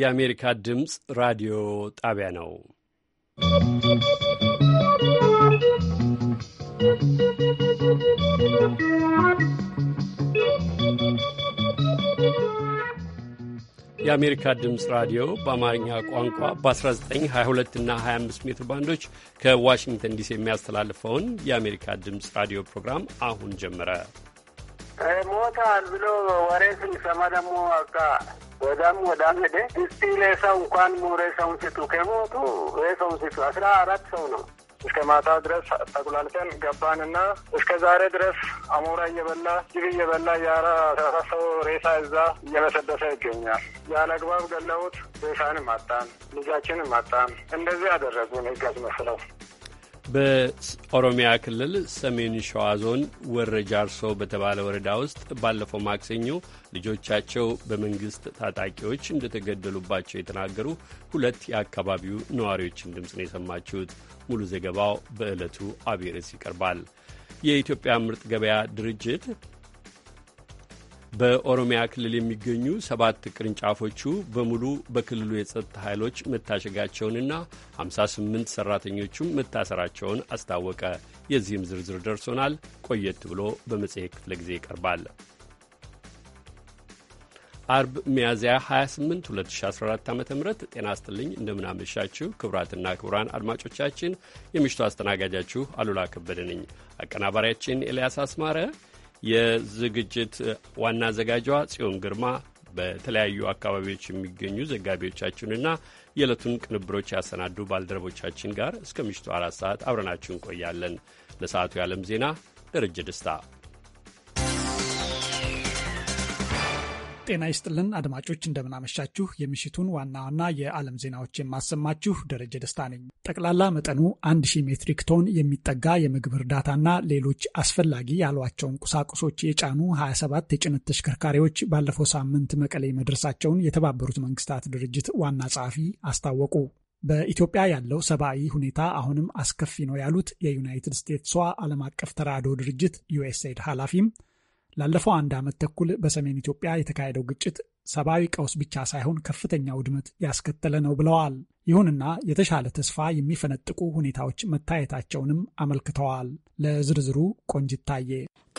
የአሜሪካ ድምፅ ራዲዮ ጣቢያ ነው። የአሜሪካ ድምፅ ራዲዮ በአማርኛ ቋንቋ በ1922 እና 25 ሜትር ባንዶች ከዋሽንግተን ዲሲ የሚያስተላልፈውን የአሜሪካ ድምፅ ራዲዮ ፕሮግራም አሁን ጀመረ። ሞታል ብሎ ወሬ ስንሰማ ደግሞ አቃ ወዳም ወዳም ሄደ። እስቲ ሌሰው እንኳን ሬሳውን ስጡ ከሞቱ ሬሳውን ስጡ። አስራ አራት ሰው ነው። እስከ ማታ ድረስ ተጉላልተን ገባንና እስከ ዛሬ ድረስ አሞራ እየበላ ጅብ እየበላ የአራ አስራ ሰው ሬሳ እዛ እየመሰደሰ ይገኛል። ያለ አግባብ ገለውት ሬሳንም አጣን፣ ልጃችንም አጣን። እንደዚህ አደረጉን ህግ መስለው በኦሮሚያ ክልል ሰሜን ሸዋ ዞን ወረ ጃርሶ በተባለ ወረዳ ውስጥ ባለፈው ማክሰኞ ልጆቻቸው በመንግስት ታጣቂዎች እንደተገደሉባቸው የተናገሩ ሁለት የአካባቢው ነዋሪዎችን ድምፅ ነው የሰማችሁት። ሙሉ ዘገባው በዕለቱ አብርስ ይቀርባል። የኢትዮጵያ ምርጥ ገበያ ድርጅት በኦሮሚያ ክልል የሚገኙ ሰባት ቅርንጫፎቹ በሙሉ በክልሉ የጸጥታ ኃይሎች መታሸጋቸውንና 58 ሠራተኞቹም መታሰራቸውን አስታወቀ። የዚህም ዝርዝር ደርሶናል። ቆየት ብሎ በመጽሔት ክፍለ ጊዜ ይቀርባል። አርብ ሚያዝያ 28 2014 ዓ ም ጤና ስጥልኝ። እንደምናመሻችሁ ክቡራትና ክቡራን አድማጮቻችን፣ የምሽቱ አስተናጋጃችሁ አሉላ ከበደ ነኝ። አቀናባሪያችን ኤልያስ አስማረ የዝግጅት ዋና አዘጋጇ ጽዮን ግርማ በተለያዩ አካባቢዎች የሚገኙ ዘጋቢዎቻችንና የዕለቱን ቅንብሮች ያሰናዱ ባልደረቦቻችን ጋር እስከ ምሽቱ አራት ሰዓት አብረናችሁ እንቆያለን። ለሰዓቱ የዓለም ዜና ደረጀ ደስታ ጤና ይስጥልን አድማጮች፣ እንደምናመሻችሁ። የምሽቱን ዋና ዋና የዓለም ዜናዎች የማሰማችሁ ደረጀ ደስታ ነኝ። ጠቅላላ መጠኑ 1000 ሜትሪክ ቶን የሚጠጋ የምግብ እርዳታና ሌሎች አስፈላጊ ያሏቸውን ቁሳቁሶች የጫኑ 27 የጭነት ተሽከርካሪዎች ባለፈው ሳምንት መቀሌ መድረሳቸውን የተባበሩት መንግስታት ድርጅት ዋና ጸሐፊ አስታወቁ። በኢትዮጵያ ያለው ሰብአዊ ሁኔታ አሁንም አስከፊ ነው ያሉት የዩናይትድ ስቴትሷ ዓለም አቀፍ ተራድኦ ድርጅት ዩኤስኤድ ኃላፊም ላለፈው አንድ ዓመት ተኩል በሰሜን ኢትዮጵያ የተካሄደው ግጭት ሰብአዊ ቀውስ ብቻ ሳይሆን ከፍተኛ ውድመት ያስከተለ ነው ብለዋል። ይሁንና የተሻለ ተስፋ የሚፈነጥቁ ሁኔታዎች መታየታቸውንም አመልክተዋል። ለዝርዝሩ ቆንጅት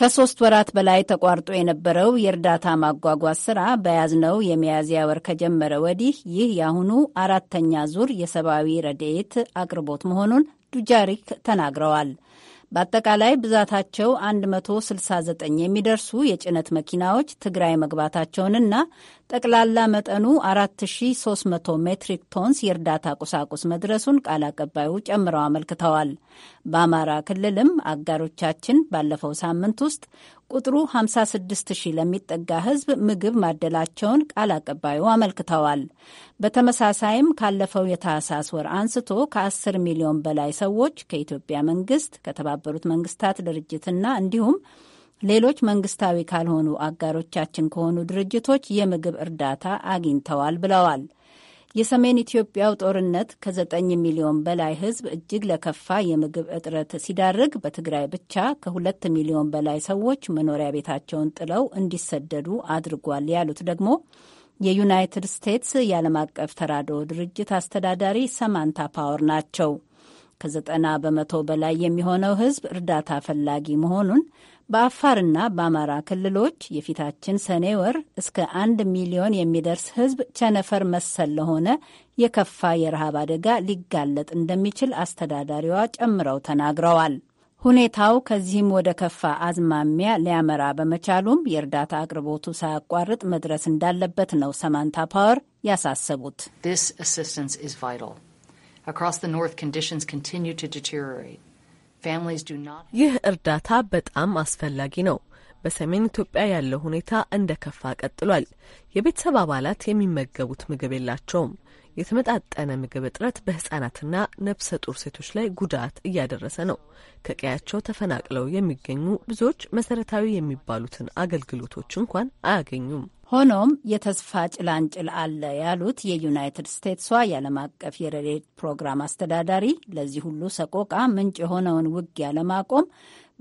ከሶስት ወራት በላይ ተቋርጦ የነበረው የእርዳታ ማጓጓዝ ስራ በያዝነው የሚያዝያ ወር ከጀመረ ወዲህ ይህ የአሁኑ አራተኛ ዙር የሰብአዊ ረድኤት አቅርቦት መሆኑን ዱጃሪክ ተናግረዋል። በአጠቃላይ ብዛታቸው 169 የሚደርሱ የጭነት መኪናዎች ትግራይ መግባታቸውንና ጠቅላላ መጠኑ 4300 ሜትሪክ ቶንስ የእርዳታ ቁሳቁስ መድረሱን ቃል አቀባዩ ጨምረው አመልክተዋል። በአማራ ክልልም አጋሮቻችን ባለፈው ሳምንት ውስጥ ቁጥሩ 56000 ለሚጠጋ ሕዝብ ምግብ ማደላቸውን ቃል አቀባዩ አመልክተዋል። በተመሳሳይም ካለፈው የታህሳስ ወር አንስቶ ከ10 ሚሊዮን በላይ ሰዎች ከኢትዮጵያ መንግስት ከተባበሩት መንግስታት ድርጅትና እንዲሁም ሌሎች መንግስታዊ ካልሆኑ አጋሮቻችን ከሆኑ ድርጅቶች የምግብ እርዳታ አግኝተዋል ብለዋል። የሰሜን ኢትዮጵያው ጦርነት ከዘጠኝ ሚሊዮን በላይ ህዝብ እጅግ ለከፋ የምግብ እጥረት ሲዳርግ በትግራይ ብቻ ከሁለት ሚሊዮን በላይ ሰዎች መኖሪያ ቤታቸውን ጥለው እንዲሰደዱ አድርጓል ያሉት ደግሞ የዩናይትድ ስቴትስ የዓለም አቀፍ ተራድኦ ድርጅት አስተዳዳሪ ሰማንታ ፓወር ናቸው። ከዘጠና በመቶ በላይ የሚሆነው ህዝብ እርዳታ ፈላጊ መሆኑን በአፋርና በአማራ ክልሎች የፊታችን ሰኔ ወር እስከ አንድ ሚሊዮን የሚደርስ ሕዝብ ቸነፈር መሰል ለሆነ የከፋ የረሃብ አደጋ ሊጋለጥ እንደሚችል አስተዳዳሪዋ ጨምረው ተናግረዋል። ሁኔታው ከዚህም ወደ ከፋ አዝማሚያ ሊያመራ በመቻሉም የእርዳታ አቅርቦቱ ሳያቋርጥ መድረስ እንዳለበት ነው ሰማንታ ፓወር ያሳሰቡት። ስ ይህ እርዳታ በጣም አስፈላጊ ነው። በሰሜን ኢትዮጵያ ያለው ሁኔታ እንደ ከፋ ቀጥሏል። የቤተሰብ አባላት የሚመገቡት ምግብ የላቸውም። የተመጣጠነ ምግብ እጥረት በህጻናትና ነፍሰ ጡር ሴቶች ላይ ጉዳት እያደረሰ ነው። ከቀያቸው ተፈናቅለው የሚገኙ ብዙዎች መሰረታዊ የሚባሉትን አገልግሎቶች እንኳን አያገኙም። ሆኖም የተስፋ ጭላንጭል አለ ያሉት የዩናይትድ ስቴትሷ የዓለም አቀፍ የረድኤት ፕሮግራም አስተዳዳሪ ለዚህ ሁሉ ሰቆቃ ምንጭ የሆነውን ውጊያ ለማቆም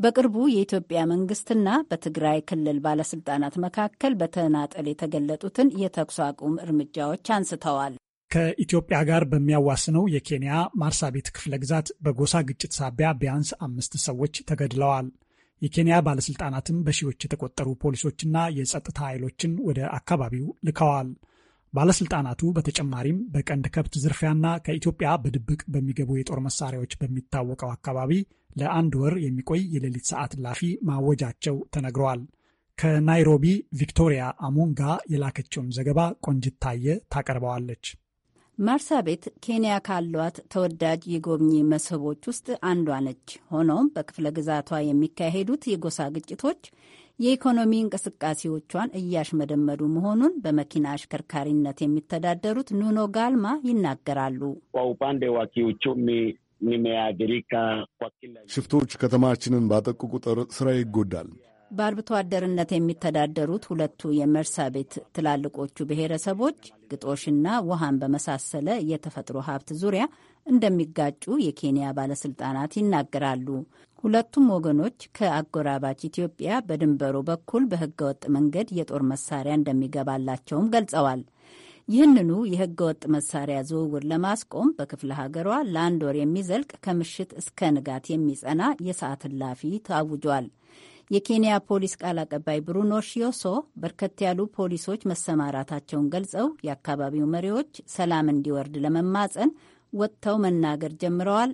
በቅርቡ የኢትዮጵያ መንግስትና በትግራይ ክልል ባለስልጣናት መካከል በተናጠል የተገለጡትን የተኩስ አቁም እርምጃዎች አንስተዋል። ከኢትዮጵያ ጋር በሚያዋስነው የኬንያ ቤት ክፍለ ግዛት በጎሳ ግጭት ሳቢያ ቢያንስ አምስት ሰዎች ተገድለዋል። የኬንያ ባለሥልጣናትም በሺዎች የተቆጠሩ ፖሊሶችና የጸጥታ ኃይሎችን ወደ አካባቢው ልከዋል። ባለሥልጣናቱ በተጨማሪም በቀንድ ከብት ዝርፊያና ከኢትዮጵያ በድብቅ በሚገቡ የጦር መሳሪያዎች በሚታወቀው አካባቢ ለአንድ ወር የሚቆይ የሌሊት ሰዓት ላፊ ማወጃቸው ተነግረዋል። ከናይሮቢ ቪክቶሪያ አሞንጋ የላከችውን ዘገባ ቆንጅት ታየ ታቀርበዋለች። ማርሳ ቤት ኬንያ ካሏት ተወዳጅ የጎብኚ መስህቦች ውስጥ አንዷ ነች። ሆኖም በክፍለ ግዛቷ የሚካሄዱት የጎሳ ግጭቶች የኢኮኖሚ እንቅስቃሴዎቿን እያሽመደመዱ መሆኑን በመኪና አሽከርካሪነት የሚተዳደሩት ኑኖ ጋልማ ይናገራሉ። ሽፍቶች ከተማችንን ባጠቁ ቁጥር ስራ ይጎዳል። በአርብቶ አደርነት የሚተዳደሩት ሁለቱ የመርሳ ቤት ትላልቆቹ ብሔረሰቦች ግጦሽና ውሃን በመሳሰለ የተፈጥሮ ሀብት ዙሪያ እንደሚጋጩ የኬንያ ባለስልጣናት ይናገራሉ። ሁለቱም ወገኖች ከአጎራባች ኢትዮጵያ በድንበሩ በኩል በህገወጥ መንገድ የጦር መሳሪያ እንደሚገባላቸውም ገልጸዋል። ይህንኑ ወጥ መሳሪያ ዝውውር ለማስቆም በክፍለ ሀገሯ ለአንድ ወር የሚዘልቅ ከምሽት እስከ ንጋት የሚጸና የሰዓት እላፊ ታውጇል። የኬንያ ፖሊስ ቃል አቀባይ ብሩኖ ሺዮሶ በርከት ያሉ ፖሊሶች መሰማራታቸውን ገልጸው የአካባቢው መሪዎች ሰላም እንዲወርድ ለመማጸን ወጥተው መናገር ጀምረዋል፣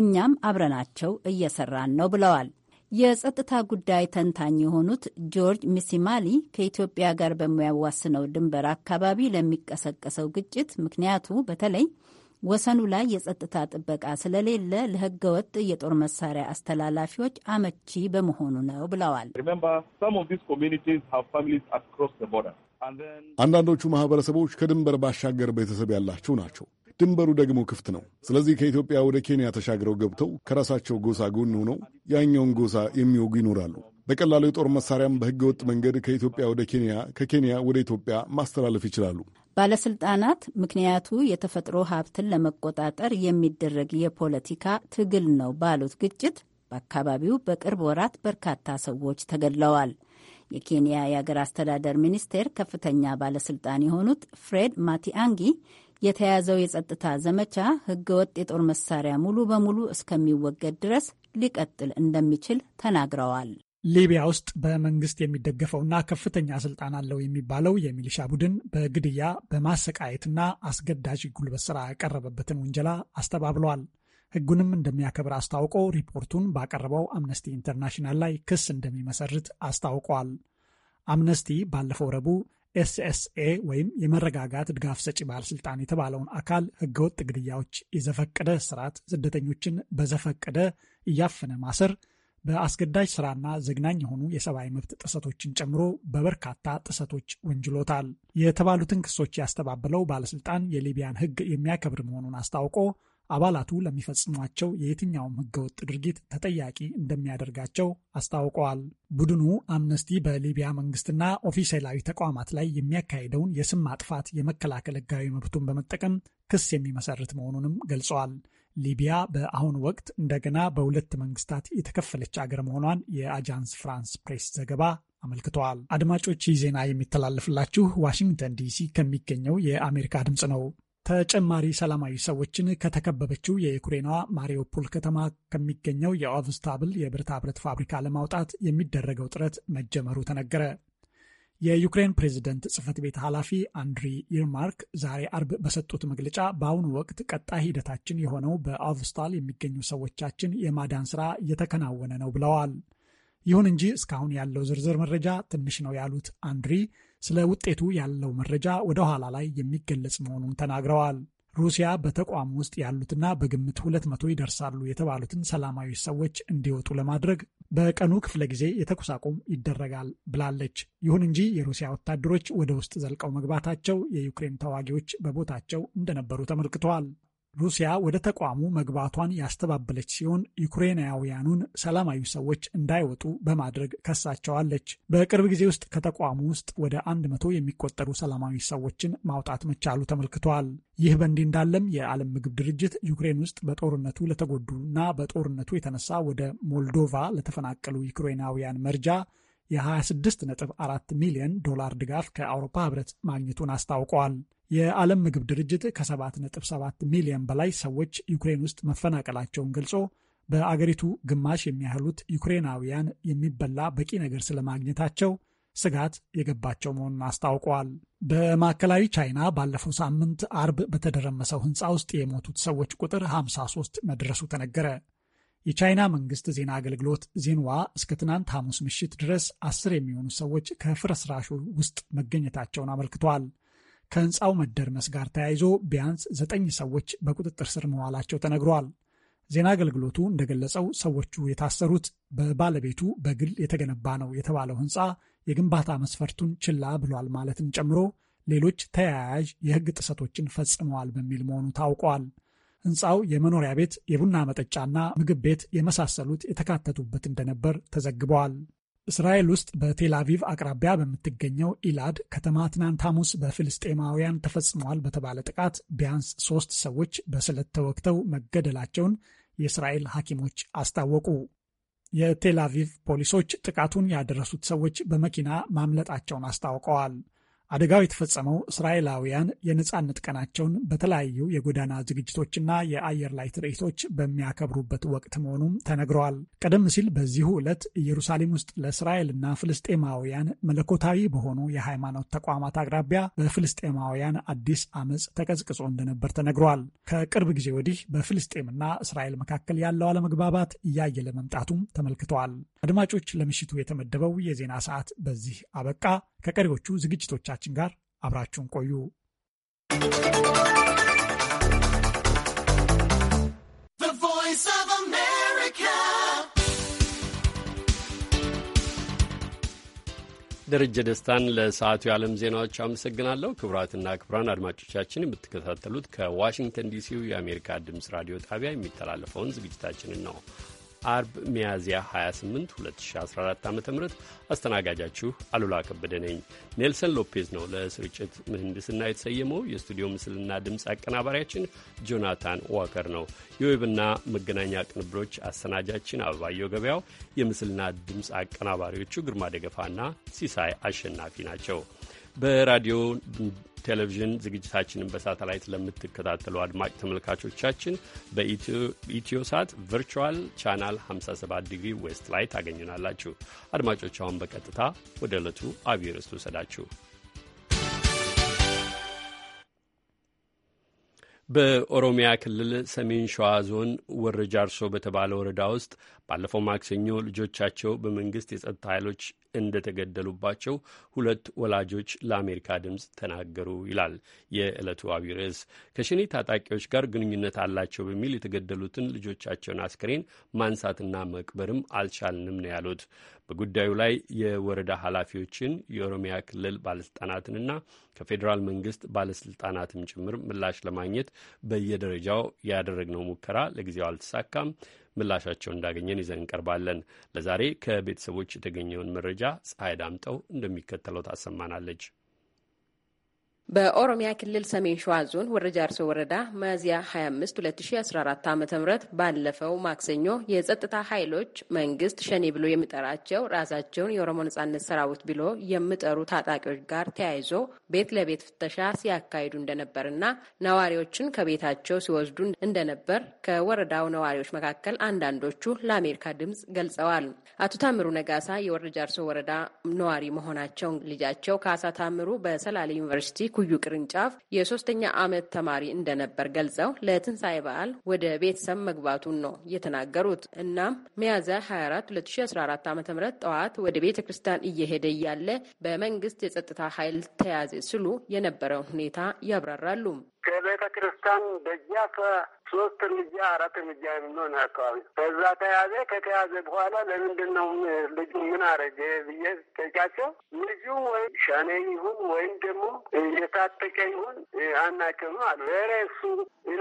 እኛም አብረናቸው እየሰራን ነው ብለዋል። የጸጥታ ጉዳይ ተንታኝ የሆኑት ጆርጅ ሚሲማሊ ከኢትዮጵያ ጋር በሚያዋስነው ድንበር አካባቢ ለሚቀሰቀሰው ግጭት ምክንያቱ በተለይ ወሰኑ ላይ የጸጥታ ጥበቃ ስለሌለ ለህገወጥ የጦር መሳሪያ አስተላላፊዎች አመቺ በመሆኑ ነው ብለዋል። አንዳንዶቹ ማህበረሰቦች ከድንበር ባሻገር ቤተሰብ ያላቸው ናቸው። ድንበሩ ደግሞ ክፍት ነው። ስለዚህ ከኢትዮጵያ ወደ ኬንያ ተሻግረው ገብተው ከራሳቸው ጎሳ ጎን ሆነው ያኛውን ጎሳ የሚወጉ ይኖራሉ። በቀላሉ የጦር መሳሪያም በህገወጥ መንገድ ከኢትዮጵያ ወደ ኬንያ፣ ከኬንያ ወደ ኢትዮጵያ ማስተላለፍ ይችላሉ። ባለስልጣናት ምክንያቱ የተፈጥሮ ሀብትን ለመቆጣጠር የሚደረግ የፖለቲካ ትግል ነው ባሉት ግጭት በአካባቢው በቅርብ ወራት በርካታ ሰዎች ተገድለዋል። የኬንያ የአገር አስተዳደር ሚኒስቴር ከፍተኛ ባለስልጣን የሆኑት ፍሬድ ማቲአንጊ የተያዘው የጸጥታ ዘመቻ ህገወጥ የጦር መሳሪያ ሙሉ በሙሉ እስከሚወገድ ድረስ ሊቀጥል እንደሚችል ተናግረዋል። ሊቢያ ውስጥ በመንግስት የሚደገፈውና ከፍተኛ ስልጣን አለው የሚባለው የሚሊሻ ቡድን በግድያ በማሰቃየትና አስገዳጅ ጉልበት ስራ ያቀረበበትን ውንጀላ አስተባብለዋል። ህጉንም እንደሚያከብር አስታውቆ ሪፖርቱን ባቀረበው አምነስቲ ኢንተርናሽናል ላይ ክስ እንደሚመሰርት አስታውቋል። አምነስቲ ባለፈው ረቡዕ ኤስኤስኤ ወይም የመረጋጋት ድጋፍ ሰጪ ባለስልጣን የተባለውን አካል ህገወጥ ግድያዎች፣ የዘፈቀደ ስርዓት፣ ስደተኞችን በዘፈቀደ እያፈነ ማሰር በአስገዳጅ ስራና ዘግናኝ የሆኑ የሰብአዊ መብት ጥሰቶችን ጨምሮ በበርካታ ጥሰቶች ወንጅሎታል። የተባሉትን ክሶች ያስተባበለው ባለስልጣን የሊቢያን ሕግ የሚያከብር መሆኑን አስታውቆ አባላቱ ለሚፈጽሟቸው የየትኛውም ህገወጥ ድርጊት ተጠያቂ እንደሚያደርጋቸው አስታውቀዋል። ቡድኑ አምነስቲ በሊቢያ መንግስትና ኦፊሴላዊ ተቋማት ላይ የሚያካሂደውን የስም ማጥፋት የመከላከል ህጋዊ መብቱን በመጠቀም ክስ የሚመሰርት መሆኑንም ገልጸዋል። ሊቢያ በአሁኑ ወቅት እንደገና በሁለት መንግስታት የተከፈለች አገር መሆኗን የአጃንስ ፍራንስ ፕሬስ ዘገባ አመልክተዋል። አድማጮች ይህ ዜና የሚተላለፍላችሁ ዋሽንግተን ዲሲ ከሚገኘው የአሜሪካ ድምፅ ነው። ተጨማሪ ሰላማዊ ሰዎችን ከተከበበችው የዩክሬኗ ማሪውፖል ከተማ ከሚገኘው የኦቭስታብል የብረታ ብረት ፋብሪካ ለማውጣት የሚደረገው ጥረት መጀመሩ ተነገረ። የዩክሬን ፕሬዝደንት ጽህፈት ቤት ኃላፊ አንድሪ ይርማርክ ዛሬ አርብ በሰጡት መግለጫ በአሁኑ ወቅት ቀጣይ ሂደታችን የሆነው በአቭስታል የሚገኙ ሰዎቻችን የማዳን ስራ እየተከናወነ ነው ብለዋል። ይሁን እንጂ እስካሁን ያለው ዝርዝር መረጃ ትንሽ ነው ያሉት አንድሪ ስለ ውጤቱ ያለው መረጃ ወደ ኋላ ላይ የሚገለጽ መሆኑን ተናግረዋል። ሩሲያ በተቋም ውስጥ ያሉትና በግምት ሁለት መቶ ይደርሳሉ የተባሉትን ሰላማዊ ሰዎች እንዲወጡ ለማድረግ በቀኑ ክፍለ ጊዜ የተኩስ አቁም ይደረጋል ብላለች። ይሁን እንጂ የሩሲያ ወታደሮች ወደ ውስጥ ዘልቀው መግባታቸው የዩክሬን ተዋጊዎች በቦታቸው እንደነበሩ ተመልክተዋል። ሩሲያ ወደ ተቋሙ መግባቷን ያስተባበለች ሲሆን ዩክሬናውያኑን ሰላማዊ ሰዎች እንዳይወጡ በማድረግ ከሳቸዋለች። በቅርብ ጊዜ ውስጥ ከተቋሙ ውስጥ ወደ አንድ መቶ የሚቆጠሩ ሰላማዊ ሰዎችን ማውጣት መቻሉ ተመልክቷል። ይህ በእንዲህ እንዳለም የዓለም ምግብ ድርጅት ዩክሬን ውስጥ በጦርነቱ ለተጎዱና በጦርነቱ የተነሳ ወደ ሞልዶቫ ለተፈናቀሉ ዩክሬናውያን መርጃ የ26.4 ሚሊዮን ዶላር ድጋፍ ከአውሮፓ ሕብረት ማግኘቱን አስታውቀዋል። የዓለም ምግብ ድርጅት ከ7.7 ሚሊዮን በላይ ሰዎች ዩክሬን ውስጥ መፈናቀላቸውን ገልጾ በአገሪቱ ግማሽ የሚያህሉት ዩክሬናውያን የሚበላ በቂ ነገር ስለማግኘታቸው ስጋት የገባቸው መሆኑን አስታውቀዋል። በማዕከላዊ ቻይና ባለፈው ሳምንት አርብ በተደረመሰው ሕንፃ ውስጥ የሞቱት ሰዎች ቁጥር 53 መድረሱ ተነገረ። የቻይና መንግስት ዜና አገልግሎት ዜንዋ እስከ ትናንት ሐሙስ ምሽት ድረስ አስር የሚሆኑ ሰዎች ከፍርስራሹ ውስጥ መገኘታቸውን አመልክቷል። ከህንፃው መደርመስ ጋር ተያይዞ ቢያንስ ዘጠኝ ሰዎች በቁጥጥር ስር መዋላቸው ተነግሯል። ዜና አገልግሎቱ እንደገለጸው ሰዎቹ የታሰሩት በባለቤቱ በግል የተገነባ ነው የተባለው ህንፃ የግንባታ መስፈርቱን ችላ ብሏል ማለትን ጨምሮ ሌሎች ተያያዥ የህግ ጥሰቶችን ፈጽመዋል በሚል መሆኑ ታውቋል። ህንፃው የመኖሪያ ቤት፣ የቡና መጠጫና ምግብ ቤት የመሳሰሉት የተካተቱበት እንደነበር ተዘግበዋል። እስራኤል ውስጥ በቴል አቪቭ አቅራቢያ በምትገኘው ኢላድ ከተማ ትናንት ሐሙስ በፍልስጤማውያን ተፈጽመዋል በተባለ ጥቃት ቢያንስ ሶስት ሰዎች በስለት ተወግተው መገደላቸውን የእስራኤል ሐኪሞች አስታወቁ። የቴል አቪቭ ፖሊሶች ጥቃቱን ያደረሱት ሰዎች በመኪና ማምለጣቸውን አስታውቀዋል። አደጋው የተፈጸመው እስራኤላውያን የነፃነት ቀናቸውን በተለያዩ የጎዳና ዝግጅቶችና የአየር ላይ ትርኢቶች በሚያከብሩበት ወቅት መሆኑም ተነግረዋል። ቀደም ሲል በዚሁ ዕለት ኢየሩሳሌም ውስጥ ለእስራኤልና ፍልስጤማውያን መለኮታዊ በሆኑ የሃይማኖት ተቋማት አቅራቢያ በፍልስጤማውያን አዲስ አመፅ ተቀዝቅጾ እንደነበር ተነግረዋል። ከቅርብ ጊዜ ወዲህ በፍልስጤምና እስራኤል መካከል ያለው አለመግባባት እያየለ መምጣቱም ተመልክተዋል። አድማጮች፣ ለምሽቱ የተመደበው የዜና ሰዓት በዚህ አበቃ። ከቀሪዎቹ ዝግጅቶቻችን ጋር አብራችሁን ቆዩ። ደረጀ ደስታን ለሰዓቱ የዓለም ዜናዎች አመሰግናለሁ። ክቡራትና ክቡራን አድማጮቻችን የምትከታተሉት ከዋሽንግተን ዲሲው የአሜሪካ ድምፅ ራዲዮ ጣቢያ የሚተላለፈውን ዝግጅታችንን ነው። አርብ ሚያዝያ 28 2014 ዓ ም አስተናጋጃችሁ አሉላ ከበደ ነኝ። ኔልሰን ሎፔዝ ነው ለስርጭት ምህንድስና የተሰየመው። የስቱዲዮ ምስልና ድምፅ አቀናባሪያችን ጆናታን ዋከር ነው። የዌብና መገናኛ ቅንብሮች አሰናጃችን አበባየው ገበያው፣ የምስልና ድምፅ አቀናባሪዎቹ ግርማ ደገፋና ሲሳይ አሸናፊ ናቸው። በራዲዮ ቴሌቪዥን ዝግጅታችንን በሳተላይት ለምትከታተሉ አድማጭ ተመልካቾቻችን በኢትዮ ሳት ቨርቹዋል ቻናል 57 ዲግሪ ዌስት ላይ ታገኙናላችሁ። አድማጮች አሁን በቀጥታ ወደ ዕለቱ አብይ ርዕስ ልውሰዳችሁ። በኦሮሚያ ክልል ሰሜን ሸዋ ዞን ወረ ጃርሶ በተባለ ወረዳ ውስጥ ባለፈው ማክሰኞ ልጆቻቸው በመንግስት የጸጥታ ኃይሎች እንደተገደሉባቸው ሁለት ወላጆች ለአሜሪካ ድምፅ ተናገሩ ይላል የዕለቱ አብይ ርዕስ። ከሸኔ ታጣቂዎች ጋር ግንኙነት አላቸው በሚል የተገደሉትን ልጆቻቸውን አስክሬን ማንሳትና መቅበርም አልቻልንም ነው ያሉት። በጉዳዩ ላይ የወረዳ ኃላፊዎችን የኦሮሚያ ክልል ባለስልጣናትንና ከፌዴራል መንግስት ባለስልጣናትም ጭምር ምላሽ ለማግኘት በየደረጃው ያደረግነው ሙከራ ለጊዜው አልተሳካም። ምላሻቸውን እንዳገኘን ይዘን እንቀርባለን። ለዛሬ ከቤተሰቦች የተገኘውን መረጃ ፀሐይ ዳምጠው እንደሚከተለው ታሰማናለች። በኦሮሚያ ክልል ሰሜን ሸዋ ዞን ወረ ጃርሶ ወረዳ ሚያዝያ 25 2014 ዓ ም ባለፈው ማክሰኞ የጸጥታ ኃይሎች መንግስት ሸኔ ብሎ የሚጠራቸው ራሳቸውን የኦሮሞ ነጻነት ሰራዊት ብሎ የሚጠሩ ታጣቂዎች ጋር ተያይዞ ቤት ለቤት ፍተሻ ሲያካሂዱ እንደነበርና ነዋሪዎችን ከቤታቸው ሲወስዱ እንደነበር ከወረዳው ነዋሪዎች መካከል አንዳንዶቹ ለአሜሪካ ድምፅ ገልጸዋል። አቶ ታምሩ ነጋሳ የወረ ጃርሶ ወረዳ ነዋሪ መሆናቸውን ልጃቸው ካሳ ታምሩ በሰላሌ ዩኒቨርሲቲ ኩዩ ቅርንጫፍ የሶስተኛ ዓመት ተማሪ እንደነበር ገልጸው ለትንሣኤ በዓል ወደ ቤተሰብ መግባቱን ነው የተናገሩት። እናም ሚያዝያ 24 2014 ዓ ም ጠዋት ወደ ቤተ ክርስቲያን እየሄደ እያለ በመንግስት የጸጥታ ኃይል ተያዘ ስሉ የነበረውን ሁኔታ ያብራራሉ። ከቤተ ክርስቲያን ደጃፍ ሶስት እርምጃ አራት እርምጃ የሚሆን አካባቢ በዛ ተያዘ። ከተያዘ በኋላ ለምንድን ነው ልጁ ምን አረገ ብዬ ጠይቃቸው ልጁ ወይ ሻኔ ይሁን ወይም ደግሞ የታጠቀ ይሁን ነው አሉ። ኧረ እሱ እኔ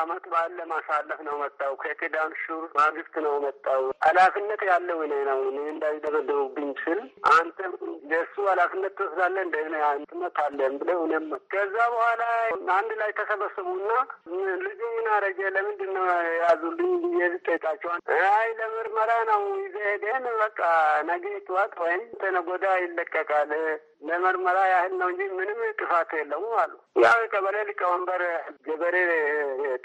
አመት በዓል ለማሳለፍ ነው መጣው። ከክዳን ሹር ማግስት ነው መጣው። ኃላፊነት ያለው እኔ ነው እኔ እንዳይደበደቡብኝ ስል አንተ የእሱ ኃላፊነት ትወስዳለህ እንደ ትመታለን ብለው እኔም ከዛ በኋላ አንድ ላይ ተሰበሰቡና ልጁ ምን አረጀ? ለምንድን ነው ያዙልኝ ብዬ ልጠይቃቸው፣ አይ ለምርመራ ነው ይዘህ ሄደን በቃ ነገ ጠዋት ወይም ተነጎዳ ይለቀቃል ለመርመራ ያህል ነው እንጂ ምንም ጥፋት የለውም አሉ። ያው የቀበሌ ሊቀመንበር ገበሬ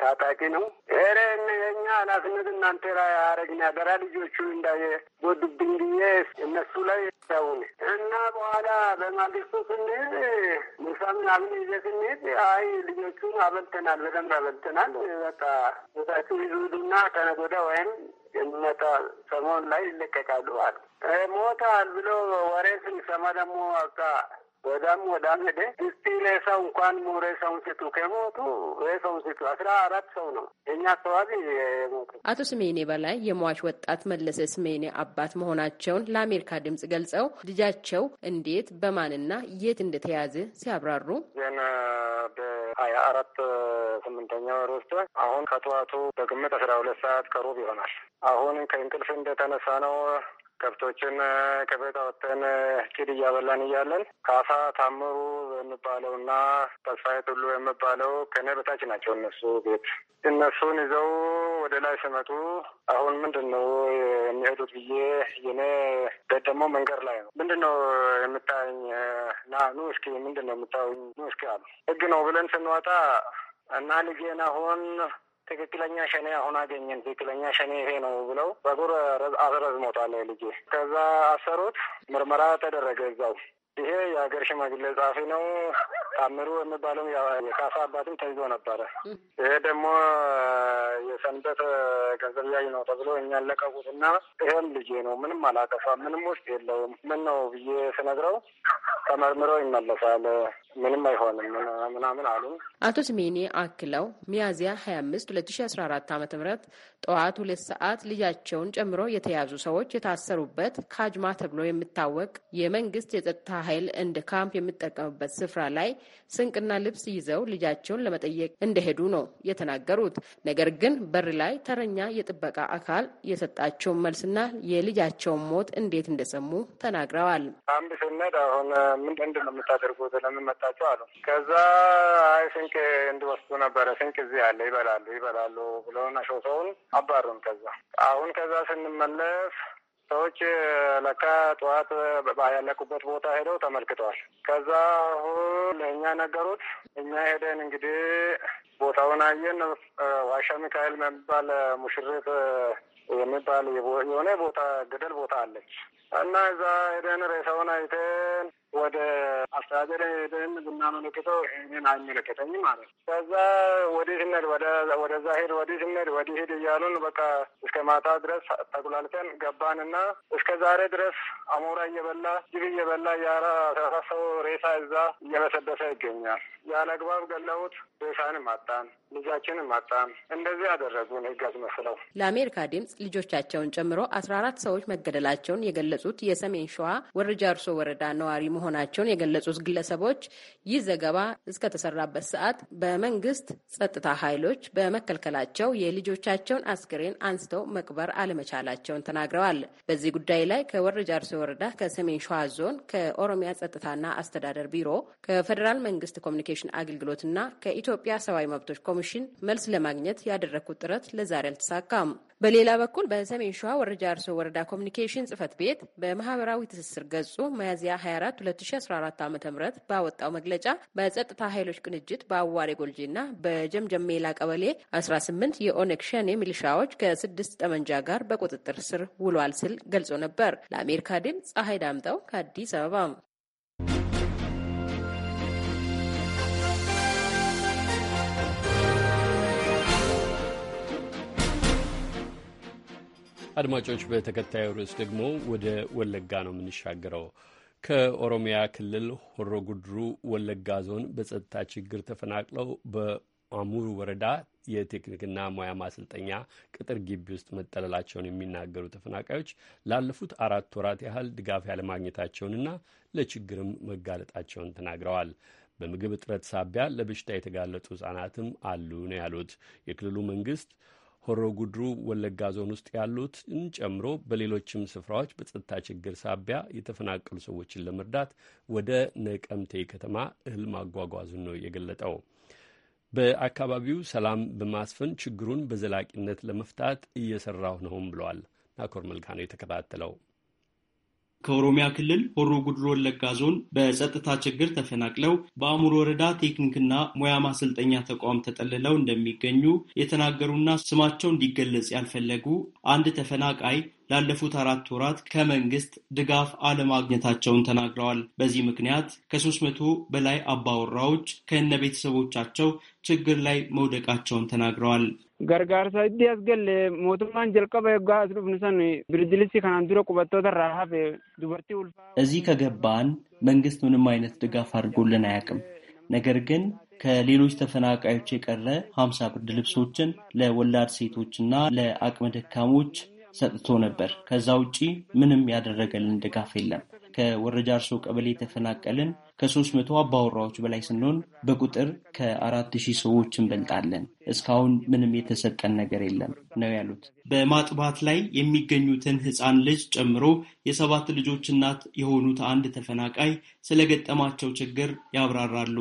ታጣቂ ነው። ኤሬ የኛ ኃላፊነት እናንተ ላይ አረግን ያገራ ልጆቹ እንዳይጎዱብኝ ብዬ እነሱ ላይ ሰውን እና በኋላ በማግስቱ ስንሄድ ምሳ ምናምን ይዘ ስንሄድ አይ ልጆቹን አበልተናል፣ በደንብ አበልተናል። በቃ ቦታችሁ ይዙዱና ከነገ ወዲያ ወይም የሚመጣ ሰሞን ላይ ይለቀቃሉ አሉ። ሞታል ብሎ ወሬ ስንሰማ ደግሞ አብታ ወዳም ወዳም ሄደ። እስቲ ሬሳው እንኳን ሬሳውን ስጡ፣ ከሞቱ ሬሳውን ስጡ። አስራ አራት ሰው ነው እኛ አካባቢ የሞቱ። አቶ ስሜኔ በላይ የሟች ወጣት መለሰ ስሜኔ አባት መሆናቸውን ለአሜሪካ ድምጽ ገልጸው ልጃቸው እንዴት በማንና የት እንደተያዘ ሲያብራሩ ገና ሀያ አራት ስምንተኛ ወር ውስጥ አሁን ከጠዋቱ በግምት አስራ ሁለት ሰዓት ከሩብ ይሆናል። አሁን ከእንቅልፍ እንደተነሳ ነው ከብቶችን ከቤት አወጥተን ኪድ እያበላን እያለን ካሳ ታምሩ የሚባለው እና ተስፋዬ ቱሉ የሚባለው ከኔ በታች ናቸው። እነሱ ቤት እነሱን ይዘው ወደ ላይ ስመጡ አሁን ምንድን ነው የሚሄዱት ብዬ የኔ ቤት ደግሞ መንገድ ላይ ነው። ምንድን ነው የምታየኝ? ና ኑ እስኪ ምንድን ነው የምታዩኝ? ኑ እስኪ አሉ። ህግ ነው ብለን ስንወጣ እና ልጄን አሁን ትክክለኛ ሸኔ አሁን አገኘን፣ ትክክለኛ ሸኔ ይሄ ነው ብለው በጉር አስረዝሞታል ልጅ። ከዛ አሰሩት፣ ምርመራ ተደረገ እዛው ይሄ የሀገር ሽማግሌ ጸሐፊ ነው ታምሩ የሚባለው የካሳ አባትም ተይዞ ነበረ። ይሄ ደግሞ የሰንበት ገንዘብ ነው ተብሎ እኛን ለቀቁትና ይሄም ልጄ ነው ምንም አላቀፋ ምንም ውስጥ የለውም ምን ነው ብዬ ስነግረው ተመርምሮ ይመለሳል ምንም አይሆንም ምናምን አሉ። አቶ ስሜኔ አክለው ሚያዝያ ሀያ አምስት ሁለት ሺ አስራ አራት ዓመተ ምህረት ጠዋት ሁለት ሰዓት ልጃቸውን ጨምሮ የተያዙ ሰዎች የታሰሩበት ካጅማ ተብሎ የሚታወቅ የመንግስት የጸጥታ ኃይል እንደ ካምፕ የምጠቀምበት ስፍራ ላይ ስንቅና ልብስ ይዘው ልጃቸውን ለመጠየቅ እንደሄዱ ነው የተናገሩት። ነገር ግን በር ላይ ተረኛ የጥበቃ አካል የሰጣቸውን መልስና የልጃቸውን ሞት እንዴት እንደሰሙ ተናግረዋል። ካምፕ ስንሄድ አሁን ምንድን ነው የምታደርጉት? ለምን መጣችሁ አሉ። ከዛ አይ ስንቅ እንዲወስዱ ነበረ። ስንቅ እዚህ አለ፣ ይበላሉ ይበላሉ ብለውን አሾሰውን አባሩን። ከዛ አሁን ከዛ ስንመለስ ሰዎች ለካ ጠዋት ያለቁበት ቦታ ሄደው ተመልክተዋል። ከዛ ሁን ለእኛ ነገሩት። እኛ ሄደን እንግዲህ ቦታውን አየን። ዋሻ ሚካኤል መባል ሙሽሪት የሚባል የሆነ ቦታ ገደል ቦታ አለች እና እዛ ሄደን ሬሳውን አይተን ወደ አስተዳደር ሄደን ብናመለክተው ይህንን አይመለከተኝ ማለት ነው። ከዛ ወዲህ ስንሄድ ወደዛ ሄድ ወዲህ ስንሄድ ወዲህ ሄድ እያሉን በቃ እስከ ማታ ድረስ ተጉላልተን ገባንና እስከ ዛሬ ድረስ አሞራ እየበላ ጅብ እየበላ ያራ አስራ ሰው ሬሳ እዛ እየበሰበሰ ይገኛል። ያለ አግባብ ገለሁት። ሬሳንም አጣን፣ ልጃችንም አጣን። እንደዚህ ያደረጉን ህግ መስለው ለአሜሪካ ድምጽ ልጆቻቸውን ጨምሮ አስራ አራት ሰዎች መገደላቸውን የገለጹት የሰሜን ሸዋ ወረጃ እርሶ ወረዳ ነዋሪ መሆናቸውን የገለጹት ግለሰቦች ይህ ዘገባ እስከተሰራበት ሰዓት በመንግስት ጸጥታ ኃይሎች በመከልከላቸው የልጆቻቸውን አስክሬን አንስተው መቅበር አለመቻላቸውን ተናግረዋል። በዚህ ጉዳይ ላይ ከወረ ጃርሶ ወረዳ፣ ከሰሜን ሸዋ ዞን፣ ከኦሮሚያ ጸጥታና አስተዳደር ቢሮ፣ ከፌዴራል መንግስት ኮሚኒኬሽን አገልግሎትና ከኢትዮጵያ ሰብአዊ መብቶች ኮሚሽን መልስ ለማግኘት ያደረግኩት ጥረት ለዛሬ አልተሳካም። በሌላ በኩል በሰሜን ሸዋ ወረጃ አርሶ ወረዳ ኮሚኒኬሽን ጽህፈት ቤት በማህበራዊ ትስስር ገጹ ሚያዝያ 24 2014 ዓ ም ባወጣው መግለጫ በጸጥታ ኃይሎች ቅንጅት በአዋሬ ጎልጂና በጀምጀሜላ ቀበሌ 18 የኦነግ ሸኔ ሚሊሻዎች ከስድስት ጠመንጃ ጋር በቁጥጥር ስር ውሏል ስል ገልጾ ነበር። ለአሜሪካ ድምፅ ፀሐይ ዳምጠው ከአዲስ አበባ አድማጮች፣ በተከታዩ ርዕስ ደግሞ ወደ ወለጋ ነው የምንሻገረው። ከኦሮሚያ ክልል ሆሮ ጉድሩ ወለጋ ዞን በጸጥታ ችግር ተፈናቅለው በአሙር ወረዳ የቴክኒክና ሙያ ማሰልጠኛ ቅጥር ግቢ ውስጥ መጠለላቸውን የሚናገሩ ተፈናቃዮች ላለፉት አራት ወራት ያህል ድጋፍ ያለማግኘታቸውንና ለችግርም መጋለጣቸውን ተናግረዋል። በምግብ እጥረት ሳቢያ ለበሽታ የተጋለጡ ህጻናትም አሉ ነው ያሉት። የክልሉ መንግስት ሆሮ ጉድሩ ወለጋ ዞን ውስጥ ያሉትን ጨምሮ በሌሎችም ስፍራዎች በጸጥታ ችግር ሳቢያ የተፈናቀሉ ሰዎችን ለመርዳት ወደ ነቀምቴ ከተማ እህል ማጓጓዙን ነው የገለጠው። በአካባቢው ሰላም በማስፈን ችግሩን በዘላቂነት ለመፍታት እየሰራሁ ነውም ብለዋል። ናኮር መልካ ነው የተከታተለው። ከኦሮሚያ ክልል ሆሮ ጉድሮ ወለጋ ዞን በጸጥታ ችግር ተፈናቅለው በአሙር ወረዳ ቴክኒክና ሙያ ማሰልጠኛ ተቋም ተጠልለው እንደሚገኙ የተናገሩና ስማቸው እንዲገለጽ ያልፈለጉ አንድ ተፈናቃይ ላለፉት አራት ወራት ከመንግስት ድጋፍ አለማግኘታቸውን ተናግረዋል። በዚህ ምክንያት ከሶስት መቶ በላይ አባወራዎች ከነ ቤተሰቦቻቸው ችግር ላይ መውደቃቸውን ተናግረዋል። gargaarsa itti as galle mootummaan jalqaba eeggaa as dhufnu san birdilissi kanaan dura qubattoota irraa hafe dubartii ulfaa እዚህ ከገባን መንግስት ምንም አይነት ድጋፍ አድርጎልን አያውቅም። ነገር ግን ከሌሎች ተፈናቃዮች የቀረ ሀምሳ ብርድ ልብሶችን ለወላድ ሴቶችና ለአቅመ ደካሞች ሰጥቶ ነበር። ከዛ ውጪ ምንም ያደረገልን ድጋፍ የለም። ከወረጃ እርሶ ቀበሌ የተፈናቀልን ከሦስት መቶ አባወራዎች በላይ ስንሆን በቁጥር ከአራት ሺህ ሰዎች እንበልጣለን። እስካሁን ምንም የተሰጠን ነገር የለም ነው ያሉት። በማጥባት ላይ የሚገኙትን ሕፃን ልጅ ጨምሮ የሰባት ልጆች እናት የሆኑት አንድ ተፈናቃይ ስለገጠማቸው ችግር ያብራራሉ።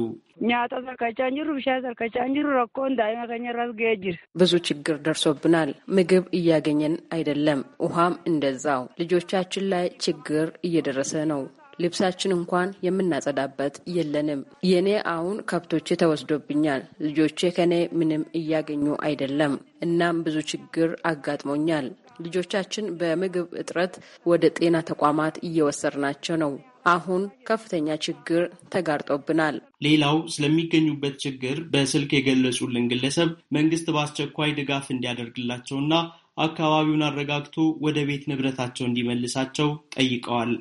ብዙ ችግር ደርሶብናል። ምግብ እያገኘን አይደለም፣ ውሃም እንደዛው። ልጆቻችን ላይ ችግር እየደረሰ ነው። ልብሳችን እንኳን የምናጸዳበት የለንም። የኔ አሁን ከብቶቼ ተወስዶብኛል። ልጆቼ ከኔ ምንም እያገኙ አይደለም። እናም ብዙ ችግር አጋጥሞኛል። ልጆቻችን በምግብ እጥረት ወደ ጤና ተቋማት እየወሰድናቸው ነው። አሁን ከፍተኛ ችግር ተጋርጦብናል። ሌላው ስለሚገኙበት ችግር በስልክ የገለጹልን ግለሰብ መንግስት በአስቸኳይ ድጋፍ እንዲያደርግላቸውና አካባቢውን አረጋግቶ ወደ ቤት ንብረታቸው እንዲመልሳቸው ጠይቀዋል።